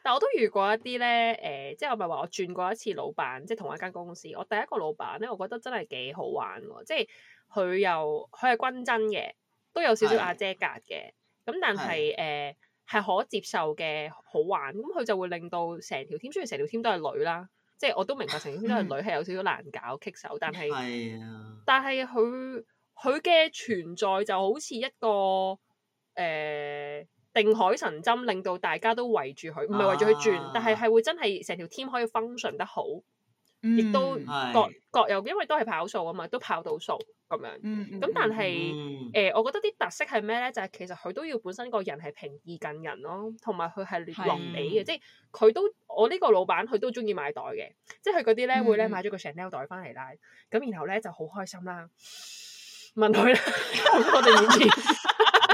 但我都遇過一啲咧，誒，即係我咪話我轉過一次老闆，即係同一間公司。我第一個老闆咧，我覺得真係幾好玩喎，即係佢又佢係均真嘅，都有少少阿姐格嘅，咁但係誒。係可接受嘅好玩，咁、嗯、佢就會令到成條 team，雖然成條 team 都係女啦，即係我都明白成條 team 都係女係 有少少難搞棘手，但係、啊、但係佢佢嘅存在就好似一個誒、呃、定海神針，令到大家都圍住佢，唔係圍住佢轉，啊、但係係會真係成條 team 可以 function 得好。亦都各、嗯、各有因為都係跑數啊嘛，都跑到數咁樣。咁但係誒，我覺得啲特色係咩咧？就係、是、其實佢都要本身個人係平易近人咯，同埋佢係落地嘅，是即係佢都我呢個老闆佢都中意買袋嘅，即係佢嗰啲咧會咧買咗個 Chanel 袋翻嚟啦。咁然後咧就好開心啦，問佢我哋以前……」 你可你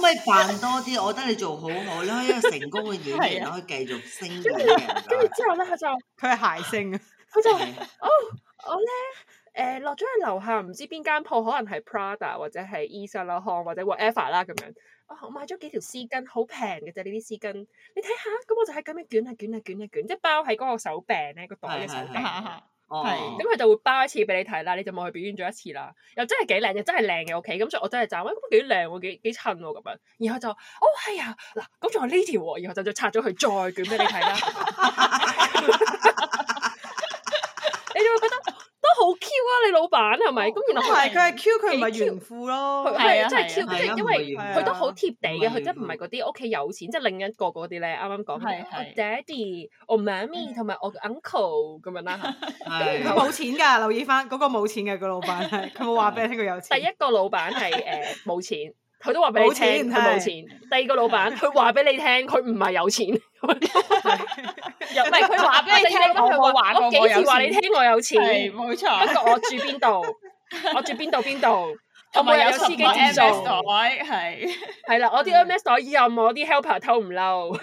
可以扮多啲。我覺得你做得好我你可以一個成功嘅演員，你、 啊、可以繼續升，跟住 之後咧，佢就佢係諧星啊！佢 就 哦，我咧誒、呃、落咗去樓下，唔知邊間鋪，可能係 Prada 或者係 Eason、oh、h o 或者 whatever 啦咁樣。哦，我買咗幾條絲巾，好平嘅啫，呢啲絲巾。你睇下，咁我就喺咁樣捲啊捲啊捲啊捲啊，即、就、係、是、包喺嗰個手柄咧、那個袋嘅手柄。 係，咁佢、 哦、就會包一次俾你睇啦，你就冇去表演咗一次啦，又真係幾靚嘅，真係靚嘅屋企，咁所以我真係讚，喂、哎，幾靚喎，幾幾襯喎，咁、啊、樣，然後就，哦係啊，嗱，咁仲有呢條喎，然後就拆再拆咗佢，再捲俾你睇啦，你就會覺得。好 Q 啊，你老闆係咪？咁原來唔係，佢係 Q，佢唔係全富咯，係啊，真係 Q，即係因為佢都好貼地嘅，佢真係唔係嗰啲屋企有錢即係另一個嗰啲咧，啱啱講。係係。我 daddy，我媽咪同埋我 uncle 咁樣啦。係。佢冇錢㗎，留意翻嗰個冇錢嘅個老闆，佢冇話俾你聽佢有錢。第一個老闆係誒冇錢。佢都話俾你冇像錢，佢冇錢。第二個老闆，佢話俾你聽，佢唔係有錢。又唔係佢話俾你聽， 我冇話 過幾時話你聽我有錢？冇錯。 錯不過我住邊度？ 我住邊度？邊度？我唔係有司機接送，係係啦，我啲 MS 可以，又我啲 helper 偷唔嬲，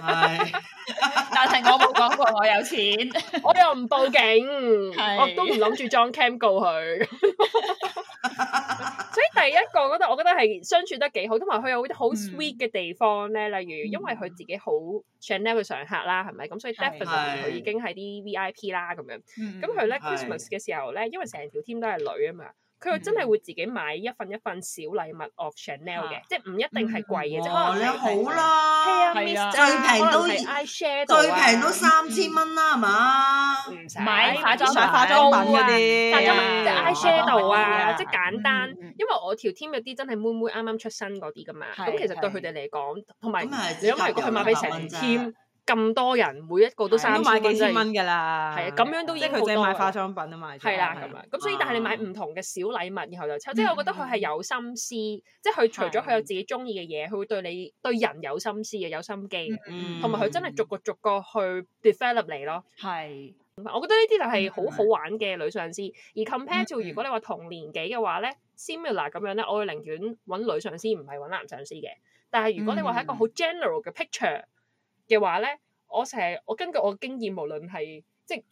但係我冇講過我有錢，我又唔報警，我都唔諗住裝 cam 告佢。所以第一個覺得，我覺得係相處得幾好，同埋佢有啲好 sweet 嘅地方咧，例如因為佢自己好 Chanel 嘅常客啦，係咪咁？所以 definitely 佢已經係啲 VIP 啦咁樣。咁佢咧，Christmas 嘅時候咧，因為成條 team 都係女啊嘛。佢又真係會自己買一份一份小禮物 of Chanel 嘅，即係唔一定係貴嘅，啫。係可你好啦，係啊，最平都係 eye shadow，最平都三千蚊啦，係嘛？唔使，買化妝品嗰啲，即係 eye shadow 啊，即係簡單。因為我條 team 有啲真係妹妹啱啱出身嗰啲，噶嘛，咁其實對佢哋嚟講，同埋你諗如果佢買俾成 team。咁多人，每一個都三千幾千蚊噶啦，係啊，咁樣都已經好多啦。即係佢哋買化妝品啊嘛，係啦咁樣。咁所以，但係你買唔同嘅小禮物，然後就抽，即係我覺得佢係有心思，即係佢除咗佢有自己中意嘅嘢，佢會對你對人有心思嘅，有心機，同埋佢真係逐個逐個去 develop 你咯。係，我覺得呢啲就係好好玩嘅女上司。而 compared to 如果你話同年紀嘅話咧，similar 咁樣咧，我會寧願揾女上司唔係揾男上司嘅。但係如果你話係一個好 general 嘅 picture，嘅話咧，我成日，我根據我經驗，無論係即係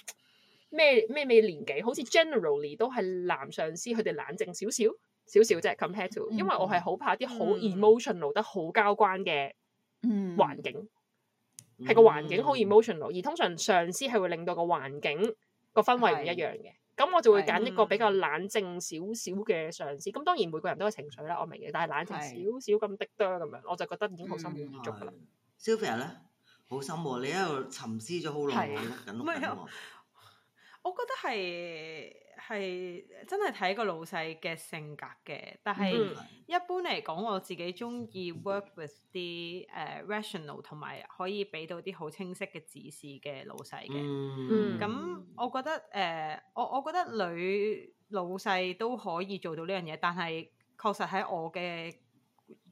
咩咩咩年紀，好似 generally 都係男上司佢哋冷靜少，少少少少啫，compare to，因為我係好怕啲好 emotional 得好交關嘅環境，係個環境好 emotional 而通常上司係會令到個環境個氛圍唔一樣嘅，咁是我就會揀一個比較冷靜少少嘅上司。咁的當然每個人都有情緒啦，我明嘅，但係冷靜少少咁滴多，咁樣，的我就覺得已經好心滿意足噶啦。Sylvia 咧的？好深喎、哦！你喺度沉思咗好耐，緊唔我覺得係係真係睇個老細嘅性格嘅，但係一般嚟講，我自己中意 work with 啲誒、uh, rational 同埋可以俾到啲好清晰嘅指示嘅老細嘅。咁、嗯、 我覺得誒，uh, 我我覺得女老細都可以做到呢樣嘢，但係確實喺我嘅，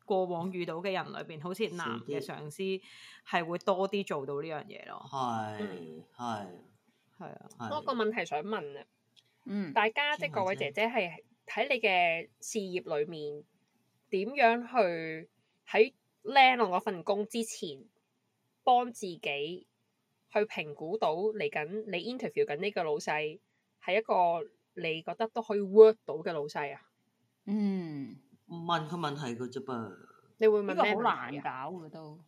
過往遇到嘅人裏邊，好似男嘅上司係會多啲做到呢樣嘢咯。係係係啊！我個問題想問、嗯、家啊，嗯，大家即係各位姐姐係喺你嘅事業裏面點樣去喺 land 我份工之前，幫自己去評估到嚟緊你 interview 緊呢個老細係一個你覺得都可以 work 到嘅老細啊？嗯。問佢問,問,問題嘅啫噃，你呢個好難搞嘅、啊、都，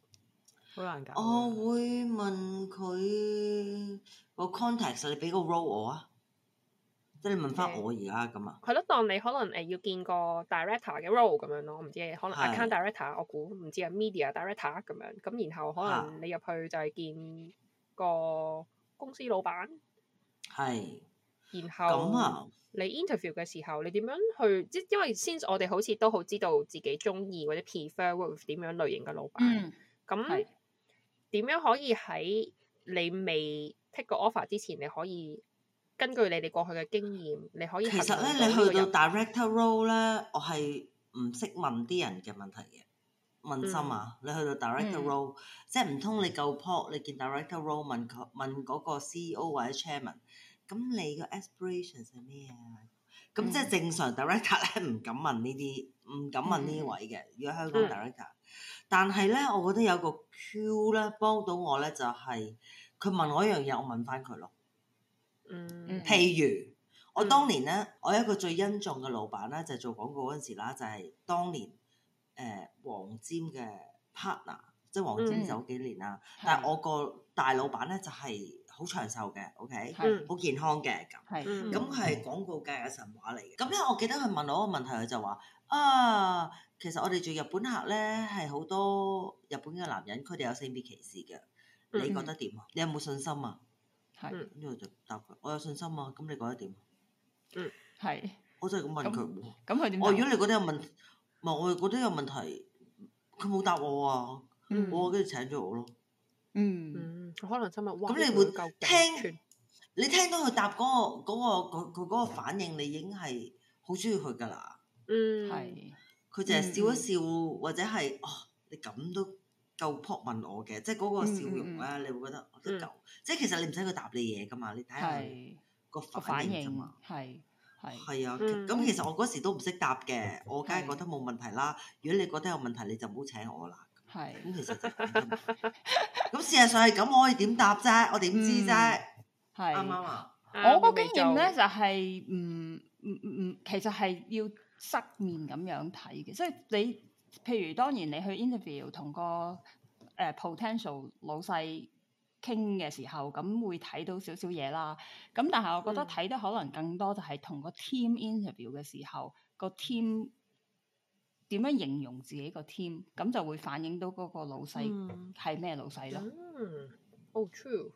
好難搞。我會問佢、哦、個 context 你俾個 role 我啊，即係你問翻我而家咁啊。佢都的樣當你可能誒要見個 director 嘅 role 咁樣咯，我唔知可能 account director，的我估唔知啊 media director 咁樣，咁然後可能你入去就係見個公司老闆。係。然後、嗯、你 interview 嘅時候，你點樣去？即因為 since 我哋好似都好知道自己中意或者 prefer 會點樣類型嘅老闆，咁點樣可以喺你未 pick 個 offer 之前，你可以根據你哋過去嘅經驗，你可以其實咧，你去到 director role 咧，我係唔識問啲人嘅問題嘅問心啊。嗯、你去到 director role，、嗯、即唔通你夠 port 你見 director role 問佢問，嗰個 CEO 或者 Chairman？咁你個 aspiration 係咩啊？咁即係正常 director 咧，唔敢問呢啲，唔敢問呢位嘅。如果香港 director，、嗯、但係咧，我覺得有個 cue 咧，幫到我咧就係、是、佢問我一樣嘢，我問翻佢咯。嗯。譬如、嗯、我當年咧，我一個最恩重嘅老闆咧，就是、做廣告嗰陣時啦，就係、是、當年誒黃、呃、霑嘅 partner，即係黃霑走幾年啦。嗯嗯、但係我個大老闆咧就係、是。好長壽嘅，OK，好健康嘅咁，咁係廣告界嘅神話嚟嘅。咁咧，我記得佢問我一個問題，佢就話啊，其實我哋做日本客咧，係好多日本嘅男人，佢哋有性別歧視嘅，你覺得點啊？你有冇信心啊？係，跟住我就答佢，我有信心啊。咁你覺得點？嗯，係。我真係咁問佢。咁佢點？我如果你覺得有問題，唔係我覺得有問題，佢冇答我啊。嗯，我跟住請咗我咯。嗯。可能真係咁你會聽，你聽到佢答嗰個佢佢嗰個反應，你已經係好中意佢噶啦。嗯，係。佢淨係笑一笑，或者係哦，你咁都夠撲問我嘅，即係嗰個笑容咧，你會覺得都夠。即係其實你唔使佢答你嘢噶嘛，你睇下個反應啫嘛。係係啊，咁其實我嗰時都唔識答嘅，我梗係覺得冇問題啦。如果你覺得有問題，你就唔好請我啦。咁其實咁，事實上係咁，我可以點答啫？我點知啫？啱啱啊？我個經驗咧就係唔唔唔，其實係要側面咁樣睇嘅，即係你譬如當然你去 interview 同個誒、呃、potential 老細傾嘅時候，咁會睇到少少嘢啦。咁但係我覺得睇得可能更多就係同個 team interview 嘅時候個 team。嗯點樣形容自己個 team，咁就會反映到嗰個老細係咩老細咯？哦、oh，true，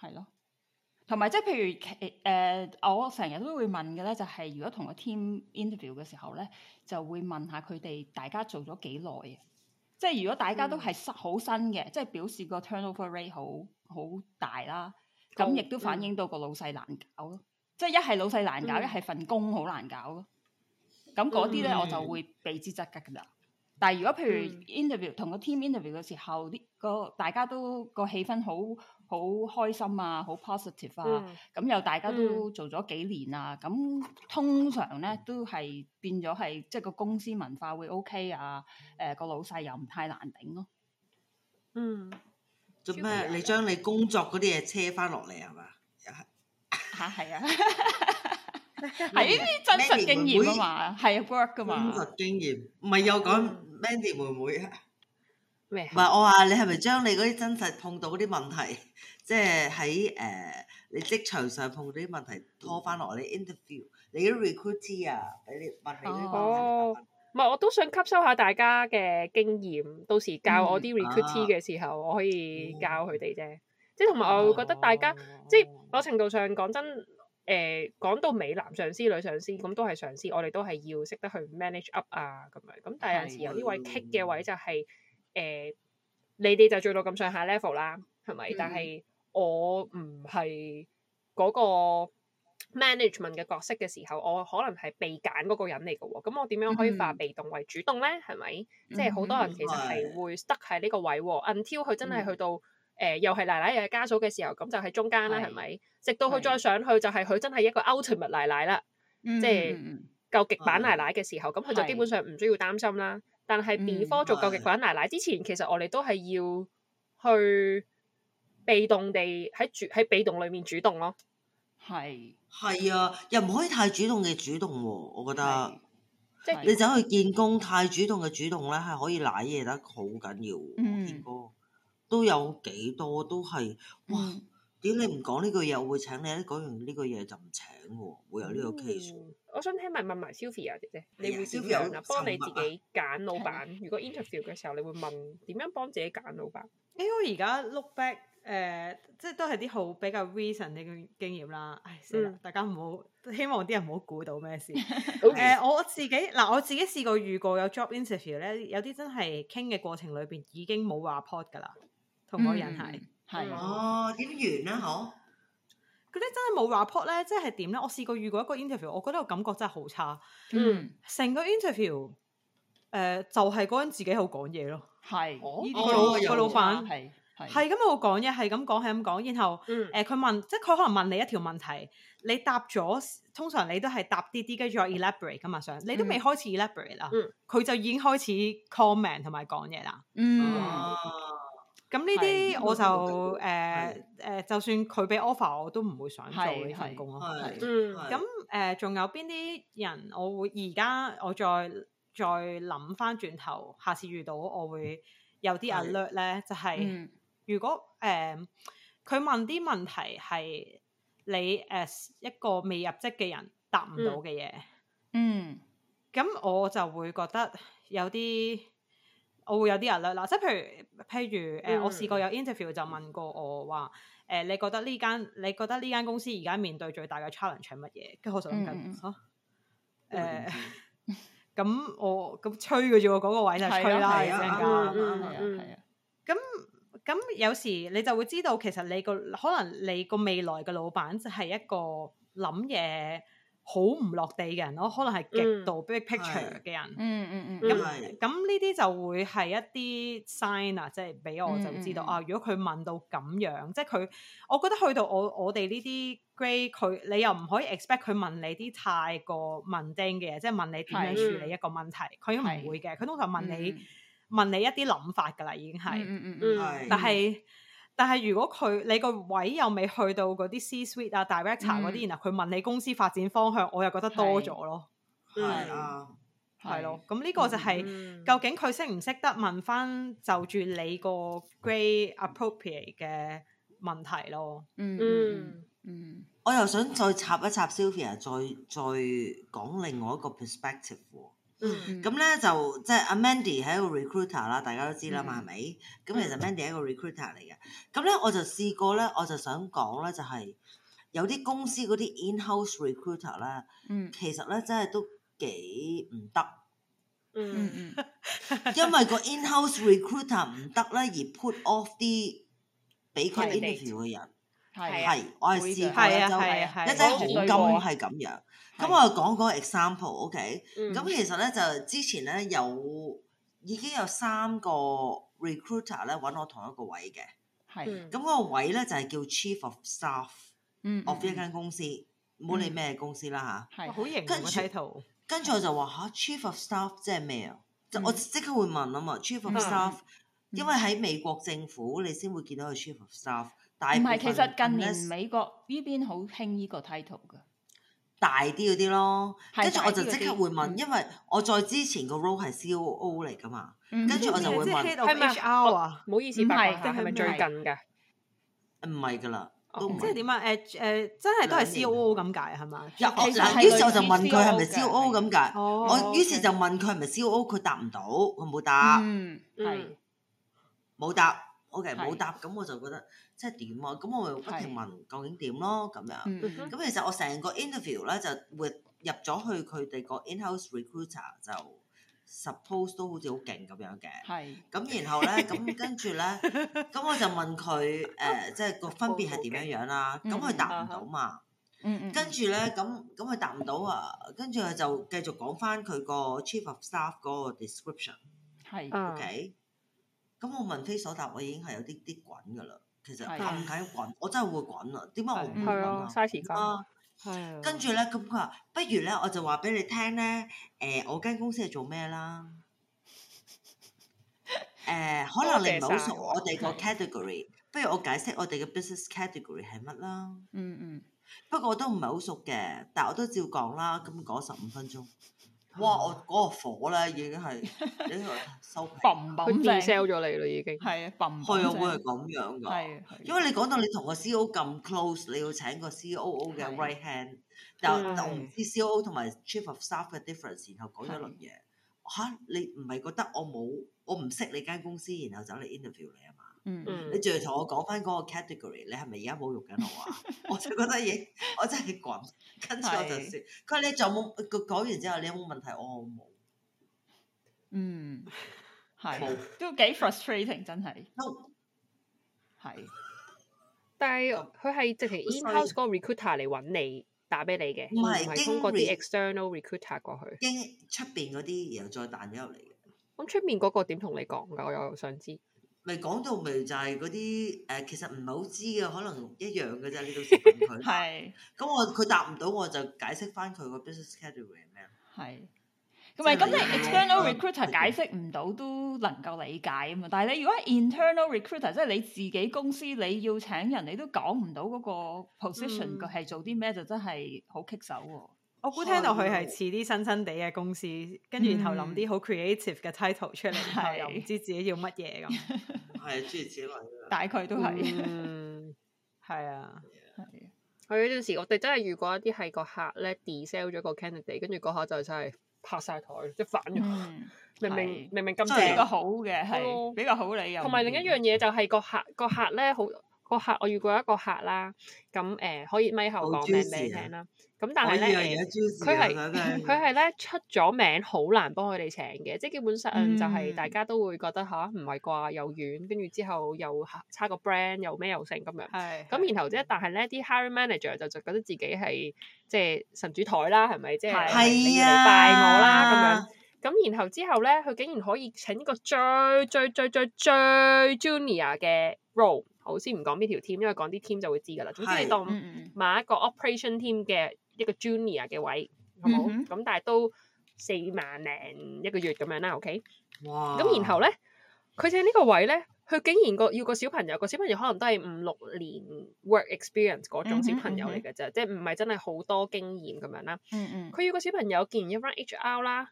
係咯。同埋即係譬如誒、呃，我成日都會問嘅咧，就係如果同個 team interview 嘅時候咧，就會問下佢哋大家做咗幾耐啊？即係如果大家都係新好新嘅，嗯、即係表示個 turnover rate 好好大啦。咁亦都反映到個老細難搞咯。嗯、即係一係老細難搞，一係、嗯、份工好難搞咯。咁嗰啲咧，我就會避之則吉㗎啦。但係如果譬如 inter view、嗯、interview 同個 team interview 嘅時候，啲個大家都個氣氛好好開心啊，好 positive 啊，咁、嗯、又大家都做咗幾年啊，咁、嗯啊、通常咧都係變咗係即係個公司文化會 OK 啊，誒、呃、個老細又唔太難頂咯、啊。嗯，做咩嘛？你將你工作嗰啲嘢車翻落嚟係嘛？嚇係 啊！ 係呢啲真實經驗啊嘛，係 work 噶嘛。真實經驗，唔係又講 Mandy 妹妹咩？唔係我話你係咪將你嗰啲真實碰到嗰啲問題，即係喺誒你職場上碰到啲問題拖翻落嚟 interview，你啲 recruiter 啊俾啲問題。哦，唔係我都想吸收下大家嘅經驗，到時教我啲 recruiter 嘅時候，我可以教佢哋啫。即係同埋我會覺得大家，即係某程度上講真。誒講到美男上司、女上司，咁、嗯、都係上司，我哋都係要識得去 manage up 啊，咁樣，咁但係有陣時有啲位 kick 嘅位就係、是、誒、呃，你哋就做到咁上下 level 啦，係咪、嗯？但係我唔係嗰個 management 嘅角色嘅時候，我可能係被揀嗰個人嚟嘅喎，咁、嗯、我點樣可以化被動為主動咧？係咪？嗯、即係好多人其實係會得喺呢個位喎，until 佢真係去到。誒又係奶奶又係家嫂嘅時候，咁就喺中間啦，係咪？直到佢再上去，就係佢真係一個 ultimate 奶奶啦，即係究極版奶奶嘅時候，咁佢就基本上唔需要擔心啦。但係 B 科做究極版奶奶之前，其實我哋都係要去被動地喺主喺被動裏面主動咯。係係啊，又唔可以太主動嘅主動喎，我覺得。即係你走去見工，太主動嘅主動咧，係可以賴嘢得好緊要。嗯嗯。都有幾多都係哇？點你唔講呢句嘢？我會請你啊！講完呢句嘢就唔請喎，會有呢個 case、嗯。我想聽埋問埋 Sylvia 姐姐，你會點樣啊？的幫你自己揀老闆。啊、如果 interview 嘅時候，你會問點樣幫自己揀老闆？因為而家 look back，誒，即係都係啲好比較 reason 啲嘅經驗啦。唉，算啦，嗯、大家唔好希望啲人唔好估到咩事。誒，我自己嗱、呃，我自己試過遇過有 job interview 咧，有啲真係傾嘅過程裏邊已經冇話 pot 㗎啦。同嗰個人係係、嗯、哦，點完咧？嗬，嗰啲真係冇 rapport 咧，即係點咧？我試過遇過一個 interview，我覺得個感覺真係好差。嗯，成個 interview，誒、呃、就係嗰個人自己好講嘢咯。係是，個老個老闆係係咁好講嘢，係咁講，係咁講。然後誒佢、嗯呃、問，即係佢可能問你一條問題，你答咗，通常你都係答啲啲，跟住 elaborate 噶嘛。上，你都未開始 elaborate 啦，佢、嗯、就已經開始 comment 同埋講嘢啦。嗯。嗯嗯咁呢啲我就誒誒，就算佢俾 offer，我都唔會想做呢份工咯。咁誒，仲有邊啲人，我會而家我再再諗翻轉頭，下次遇到我會有啲 alert 咧，就係如果誒佢問啲問題係你誒一個未入職嘅人答唔到嘅嘢，嗯，咁我就會覺得有啲。我會有啲人啦，嗱，即係譬如，譬如誒，呃嗯、我試過有 interview 就問過我話，誒、呃，你覺得呢間，你覺得呢間公司而家面對最大嘅 challenge 係乜嘢？跟住我就諗緊嚇，誒，咁我咁吹嘅啫喎，嗰個位就吹啦而家，係啊，咁咁、啊啊啊啊、有時你就會知道，其實你個可能你個未來嘅老闆就係一個諗嘢，好唔落地嘅人咯，可能係極度 big picture 嘅、嗯、人。嗯嗯嗯。咁咁呢啲就會係一啲 sign 啊，即係俾我就知道、嗯、啊。如果佢問到咁樣，即係佢，我覺得去到我我哋呢啲 grade 佢你又唔可以 expect 佢問你啲太過文釘嘅嘢，即、就、係、是、問你點樣處理一個問題，佢唔、嗯、會嘅。佢的的通常問你、嗯、問你一啲諗法噶啦，已經係、嗯。嗯嗯嗯。係，但係。但係如果佢你個位又未去到嗰啲 C-suite 啊、director 嗰啲，嗯、然後佢問你公司發展方向，我又覺得多咗咯，係、嗯、啊，係咯，咁呢個就係、是嗯、究竟佢識唔識得問翻就住你個 grade appropriate 嘅問題咯。嗯嗯，嗯嗯我又想再插一插、嗯、Sylvia，再再講另外一個 perspective 喎。咁咧就即係阿 Mandy 係一個 recruiter 啦，大家都知啦嘛，係咪？咁其實 Mandy 係一個 recruiter 嚟嘅。咁咧我就試過咧，我就想講咧，就係有啲公司嗰啲 in-house recruiter 啦，其實咧真係都幾唔得。嗯嗯，因為個 in-house recruiter 唔得咧，而 put off 啲俾佢 interview 嘅人，係我係試過一就一陣好金，係咁樣。咁我講嗰個 example，OK？咁其實咧就之前咧有已經有三個 recruiter 咧揾我同一個位嘅，係咁嗰個位咧就係叫 chief of staff，嗯 of 一間公司，冇理你咩公司啦吓，係好型嘅 title。跟住我就話嚇 chief of staff 即係咩啊？就我即刻會問啊嘛，chief of staff，因為喺美國政府你先會見到佢 chief of staff，唔係其實近年美國呢邊好興呢個 title 嘅。大啲嗰啲咯，跟住我就即刻會問，因為我再之前個 role 係 C O O 嚟噶嘛，跟住我就會問，係咪？唔好意思，白話係咪最近嘅？唔係噶啦，都唔係，即係點啊？誒誒，真係都係 C O O 咁解係嘛？於是我就問佢係咪 C O O 咁解。我於是就問佢係咪 C O O，佢答唔到，佢冇答。嗯，係冇答。O K，冇答。咁我就覺得。即係點啊？咁我咪不停問究竟點咯，咁樣，咁其實我成個 interview 咧就會入咗去佢哋個 in-house recruiter，就 suppose 都好似好勁咁樣嘅。係咁，然後咧咁跟住咧，咁我就問佢誒，即係個分別係點樣樣啦？咁佢答唔到嘛？嗯嗯。跟住咧咁咁佢答唔到啊，跟住佢就繼續講翻佢個 chief of staff 嗰個 description 係 OK。咁我問非所答，我已經係有啲啲滾噶啦。其實咁緊的滾，我真係會滾啦。點解我唔會滾啊？嘥、啊的啊、時間。係、啊、的跟住咧，咁佢話不如咧，我就話俾你聽咧。誒、呃，我間公司係做咩啦？誒、 呃，可能你唔係好熟 我哋個 category。Okay. 不如我解釋我哋嘅 business category 係乜啦？ 嗯嗯。不過我都唔係好熟嘅，但我都照講啦。咁講十五分鐘。哇！我個火咧已經係 已經收，佢面 sell 咗你咯已經，係啊，佢會係咁樣㗎。係因為你講到你同個 CEO 咁 close，你要請個 CEO 嘅 right hand，就就唔知 CEO 同埋 chief of staff 嘅 difference，然後講咗輪嘢吓，你唔係覺得我冇我唔識你間公司，然後走嚟 interview 你啊？嗯，mm hmm. 你仲要同我講翻嗰個 category，你係咪而家侮辱緊我啊？ 我就覺得嘢，我真係滾。跟住我就笑是說有有，佢話你仲有冇？佢講完之後，你有冇問題？我、哦、冇。嗯，係、mm hmm. 都幾 frustrating，真係。係 No. 是，但係佢係直情 in-house 嗰個 recruiter 嚟搵你，打你，打俾你嘅，唔係通過啲 external recruiter 過去，出邊嗰啲然後再彈咗入嚟嘅。咁出面嗰個點同你講噶？我又想知。.咪講到咪就係嗰啲誒，其實唔係好知嘅，可能一樣嘅啫。呢度問佢，咁 是我佢答唔到，我就解釋翻佢個 business category 咩 是？係同埋咁你，你 external recruiter、哦、解釋唔到都能夠理解啊嘛。的但係你如果 internal recruiter，即係你自己公司你要請人，你都講唔到嗰個 position 係、嗯、做啲咩，就真係好棘手喎、啊。我估聽落去係似啲新新地嘅公司，跟住然後諗啲好 creative 嘅 title 出嚟，然後又唔知自己要乜嘢咁。係啊，即係自己揾。大概都係。嗯，係啊。係啊。佢有陣時，我哋真係遇果過一啲係個客咧 discard 咗個 candidate，跟住個客就真係拍晒台，即反咗。明明明明咁比較好嘅，係比較好理由。同埋另一樣嘢就係個客個客咧好。個客我遇過一個客啦，咁誒可以咪後講名俾你聽啦。咁但係咧，佢係佢係咧出咗名，好難幫佢哋請嘅，即係基本上就係大家都會覺得，嚇，唔係啩？又遠，跟住之後又差個 brand 又咩又成咁樣。係咁，然後即係但係咧，啲 hiring manager 就就覺得自己係即係神主台啦，係咪即係嚟拜我啦咁樣？咁然後之後咧，佢竟然可以請個最最最最最 Junior 嘅 role。好，先唔講呢條 team，因為講啲 team 就會知㗎啦。總之你當買、嗯嗯、一個 operation team 嘅一個 junior 嘅位，好咁，嗯嗯但係都四萬零一個月咁樣啦。OK，咁哇然後咧，佢請呢個位咧，佢竟然個要個小朋友，個小朋友、那個、可能都係五六年 work experience 嗰種小朋友嚟㗎啫，嗯嗯嗯即係唔係真係好多經驗咁樣啦。佢、嗯嗯、要個小朋友見一翻 HR 啦，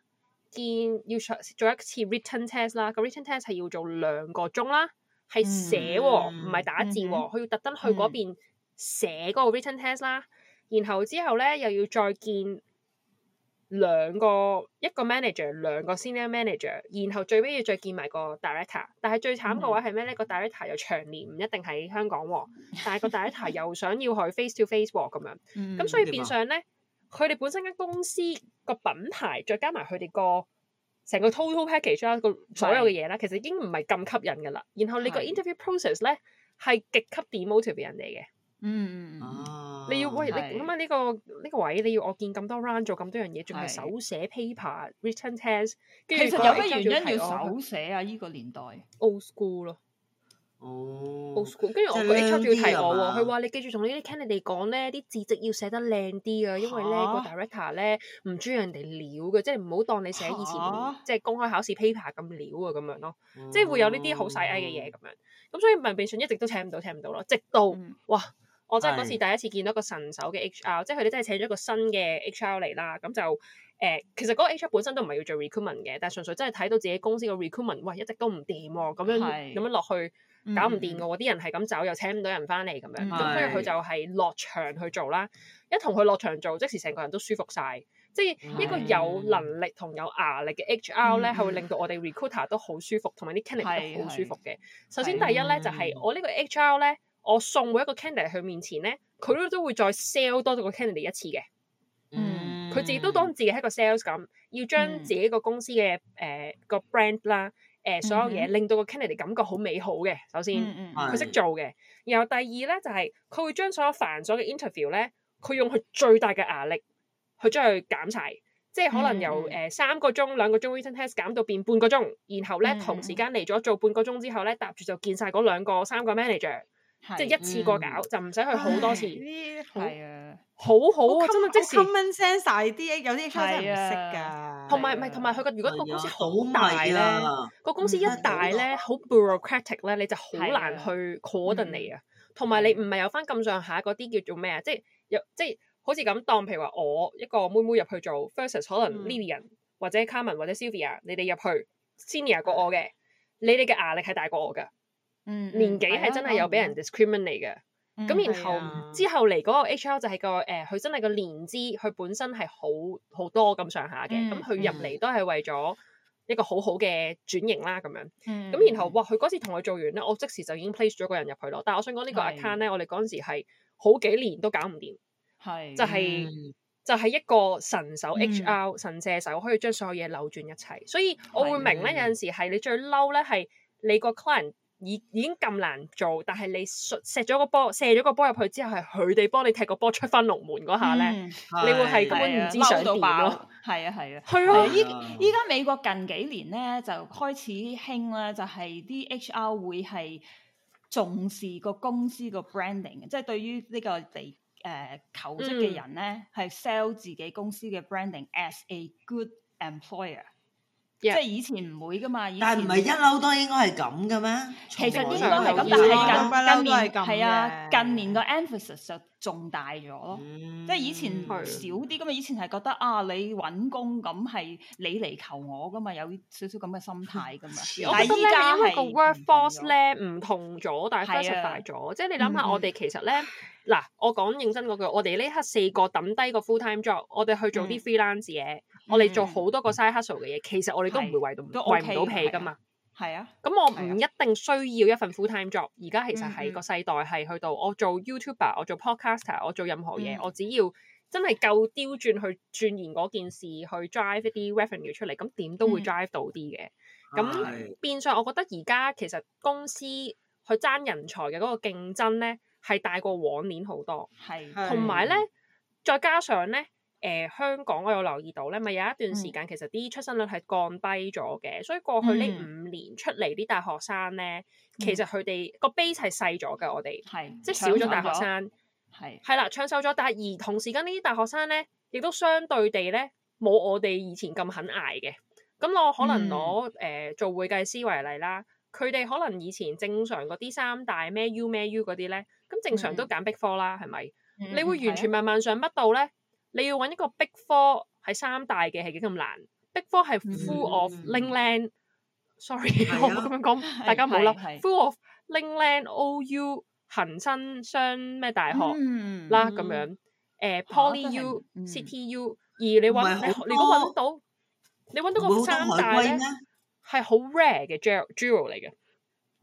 見要做，做一次 written test 啦。個 written test 係要做兩個鐘啦。係寫喎，唔係、嗯、打字喎，佢、嗯嗯、要特登去嗰邊寫個 written test 啦，然後之後咧又要再見兩個一個 manager，兩個 senior manager，然後最尾要再見埋個 director。但係最慘嘅話係咩咧？嗯、個 director 又長年唔一定喺香港喎，但係個 director 又想要去 face to face 咁樣，咁、嗯、所以變相咧，佢哋何本身間公司個品牌，再加埋佢哋個。成個 total package 啦，個所有嘅嘢啦，是其實已經唔係咁吸引噶啦。然後你個 interview process 咧係極級 demotivate 人哋嘅。嗯嗯你要、哦、喂，是你咁啊呢個呢、這個位你要我見咁多 round 做咁多樣嘢，仲係手寫 paper written test。其實後有咩原因要，要手寫啊？呢、這個年代 old school 咯。跟住、哦、我個 HR 仲要提我喎，佢話吧你記住同呢啲 candidate 講咧，啲字跡要寫得靚啲啊，因為咧、啊、個 director 咧唔中意人哋潦嘅，即係唔好當你寫以前即係、啊就是、公開考試 paper 咁潦啊咁樣咯，即係會有呢啲好細 I 嘅嘢咁樣，咁所以文秘信一直都請唔到，請唔到咯，直到、嗯、哇，我真係嗰次第一次見到個神手嘅 HR，即係佢哋真係請咗個新嘅 HR 嚟啦，咁就誒、呃，其實嗰個 HR 本身都唔係要做 recruitment 嘅，但係純粹真係睇到自己公司個 recruitment，哇、哎，一直都唔掂喎，咁樣咁樣落是去。搞唔掂㗎喎，啲人係咁走，又請唔到人翻嚟咁樣，咁所以佢就係落場去做啦。嗯、一同佢落場做，即時成個人都舒服晒。嗯、即係一個有能力同有牙力嘅 HR 咧，係、嗯、會令到我哋 recruiter 都好舒服，同埋啲 candidate 都好舒服嘅。嗯、首先第一咧，嗯、就係我呢個 HR 咧，我送每一個 candidate 去面前咧，佢都都會再 sell 多咗個 candidate 一次嘅。嗯。佢自己都當自己係一個 sales 咁，要將自己個公司嘅誒、呃、個 brand 啦。誒、呃、所有嘢、mm hmm. 令到個 candidate 感覺好美好嘅，首先佢識、mm hmm. 做嘅，mm hmm. 然後，第二咧就係、是、佢會將所有繁瑣嘅 interview 咧，佢用佢最大嘅壓力將去將佢減曬，即係可能由誒、mm hmm. 呃、三個鐘、兩個鐘 written test 減到變半個鐘，然後咧、mm hmm. 同時間嚟咗做半個鐘之後咧，搭住就見晒嗰兩個三個 manager。即係一次過搞就唔使去好多次，係啊，好好啊，真係即係。common sense 啲，有啲公司唔識㗎。同埋唔係同埋佢個，如果個公司好大咧，個公司一大咧，好 bureaucratic 咧，你就好難去 coordinate 啊。同埋你唔係有翻咁上下嗰啲叫做咩啊？即係有即係好似咁當，譬如話我一個妹妹入去做 first，可能 Lillian 或者 Carmen 或者 Sylvia，你哋入去 senior 過我嘅，你哋嘅壓力係大過我㗎。年紀係真係有俾人 discriminate 嘅，咁然後之後嚟嗰個 HR 就係個誒，佢真係個年資，佢本身係好好多咁上下嘅，咁佢入嚟都係為咗一個好好嘅轉型啦，咁樣，咁然後哇，佢嗰次同佢做完咧，我即時就已經 place 咗個人入去咯。但係我想講呢個 account 咧，我哋嗰陣時係好幾年都搞唔掂，係就係就係一個神手 HR 神射手，可以將所有嘢扭轉一齊，所以我會明咧，有陣時係你最嬲咧係你個 client。已已經咁難做，但係你射咗個波，射咗個波入去之後，係佢哋幫你踢個波出翻龍門嗰下咧，嗯、你會係根本唔知嬲到爆。係啊係啊，係啊！依依家美國近幾年咧就開始興咧，就係啲 HR 會係重視個公司個 branding，即係對於呢、呢個嚟誒、呃、求職嘅人咧，係、嗯、sell 自己公司嘅 branding as a good employer。即係以前唔會噶嘛，以前。但係唔係一攪都應該係咁嘅咩？其實應該係咁，但係近年係啊，近年個 emphasis 就重大咗咯。即係以前少啲，咁嘛，以前係覺得啊，你揾工咁係你嚟求我噶嘛，有少少咁嘅心態噶嘛。我覺得因為個 workforce 咧唔同咗，但係 pressure 大咗。即係你諗下，我哋其實咧嗱，我講認真嗰句，我哋呢刻四個抌低個 full time job，我哋去做啲 freelance 嘢。我哋做好多個 side hustle 嘅嘢，其實我哋都唔會為到，為唔到皮㗎嘛。係啊。咁我唔一定需要一份 full time job。而家其實喺個世代係去到我做 YouTuber，我做 podcaster，我做任何嘢，我只要真係夠刁鑽去鑽研嗰件事，去 drive 一啲 revenue 出嚟，咁點都會 drive 到啲嘅。咁變相我覺得而家其實公司去爭人才嘅嗰個競爭咧，係大過往年好多。係。同埋咧，再加上咧。誒、呃、香港，我有留意到咧，咪有一段時間其實啲出生率係降低咗嘅。嗯、所以過去呢五年出嚟啲大學生咧，嗯、其實佢哋個 base 係細咗嘅，我哋係是即係少咗大學生，係係啦，搶手咗。但係而同時間呢啲大學生咧，亦都相對地咧，冇我哋以前咁肯捱嘅。咁我可能攞誒、嗯呃、做會計師為例啦，佢哋可能以前正常嗰啲三大咩 U 咩 U 嗰啲咧，咁正常都揀 big four 啦，係咪、嗯？是是你會完全萬萬想不到咧？你要揾一個 Big Four 喺三大嘅係幾咁難？Big Four 係 full of ling land。sorry，我咁樣講，大家唔好諗。full of ling land OU 恒生商咩大學啦咁樣？誒 Poly U CTU。而你話你如果揾到，你揾到個三大咧係好 rare 嘅 journal 嚟嘅。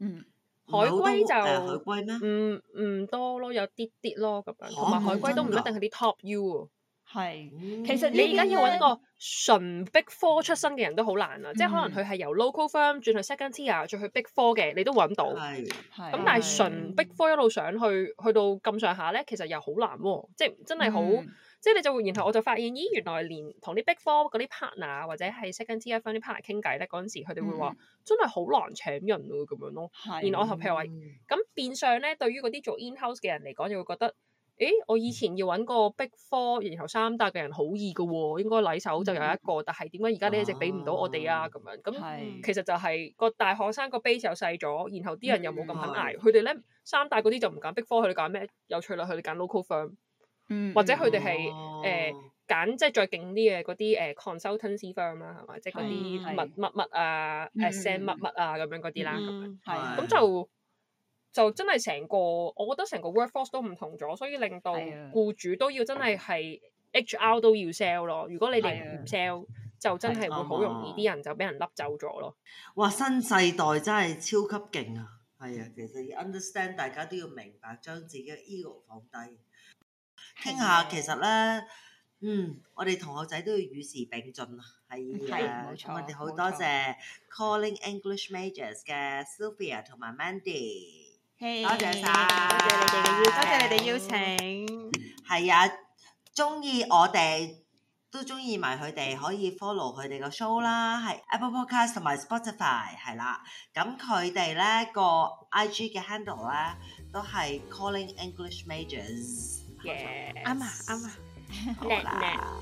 嗯，海龜就唔唔多咯，有啲啲咯咁樣，同埋海龜都唔一定係啲 top U 喎。係，嗯、其實你而家要揾一個純逼科出身嘅人都好難啊，嗯、即係可能佢係由 local firm 轉去 second tier，再去逼科嘅，你都揾到。咁但係純逼科一路上去，去到咁上下咧，其實又好難喎、啊，即係真係好，嗯、即係你就會然後我就發現，咦原來連同啲逼科嗰啲 partner 或者係 second tier 嗰啲 partner 傾偈咧，嗰陣時佢哋會話、嗯、真係好難請人喎、啊，咁樣咯。然後是我就譬如話，咁、嗯、變相咧，對於嗰啲做 in house 嘅人嚟講，就會覺得。誒，我以前要揾個 Big 4，然後三大嘅人好易㗎喎，應該禮手就有一個。但係點解而家呢一直俾唔到我哋啊？咁樣咁，其實就係個大學生個 base 又細咗，然後啲人又冇咁肯捱。佢哋咧，三大嗰啲就唔揀 Big 4，佢哋揀咩？有趨力佢哋揀 local firm，或者佢哋係誒揀即係再勁啲嘅嗰啲誒 consultancy firm 啦，係嘛？即係嗰啲乜乜乜啊，誒 send 乜乜啊咁樣嗰啲啦，咁樣咁就。就真係成個，我覺得成個 workforce 都唔同咗，所以令到僱主都要真係係 HR 都要 sell 咯。如果你哋唔 sell，的就真係會好容易啲人就俾人笠走咗咯。哇！新世代真係超級勁啊，係啊，其實 understand 大家都要明白，將自己嘅 ego 放低。傾下的其實咧，嗯，我哋同學仔都要與時並進啊，係啊，冇錯。錯，我哋好多謝 Calling English Majors 嘅 Sylvia 同埋 Mandy。多謝晒，多謝你哋嘅邀，多謝你哋邀請。係啊，中意我哋都中意埋佢哋，可以 follow 佢哋個 show 啦，係 Apple Podcast 同埋 Spotify 係啦。咁佢哋咧個 IG 嘅 handle 咧都係 Calling English Majors。係，啱啊，啱啊，好啦。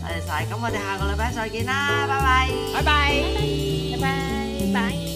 多謝晒，咁我哋下個禮拜再見啦，拜拜，拜拜，拜拜，拜。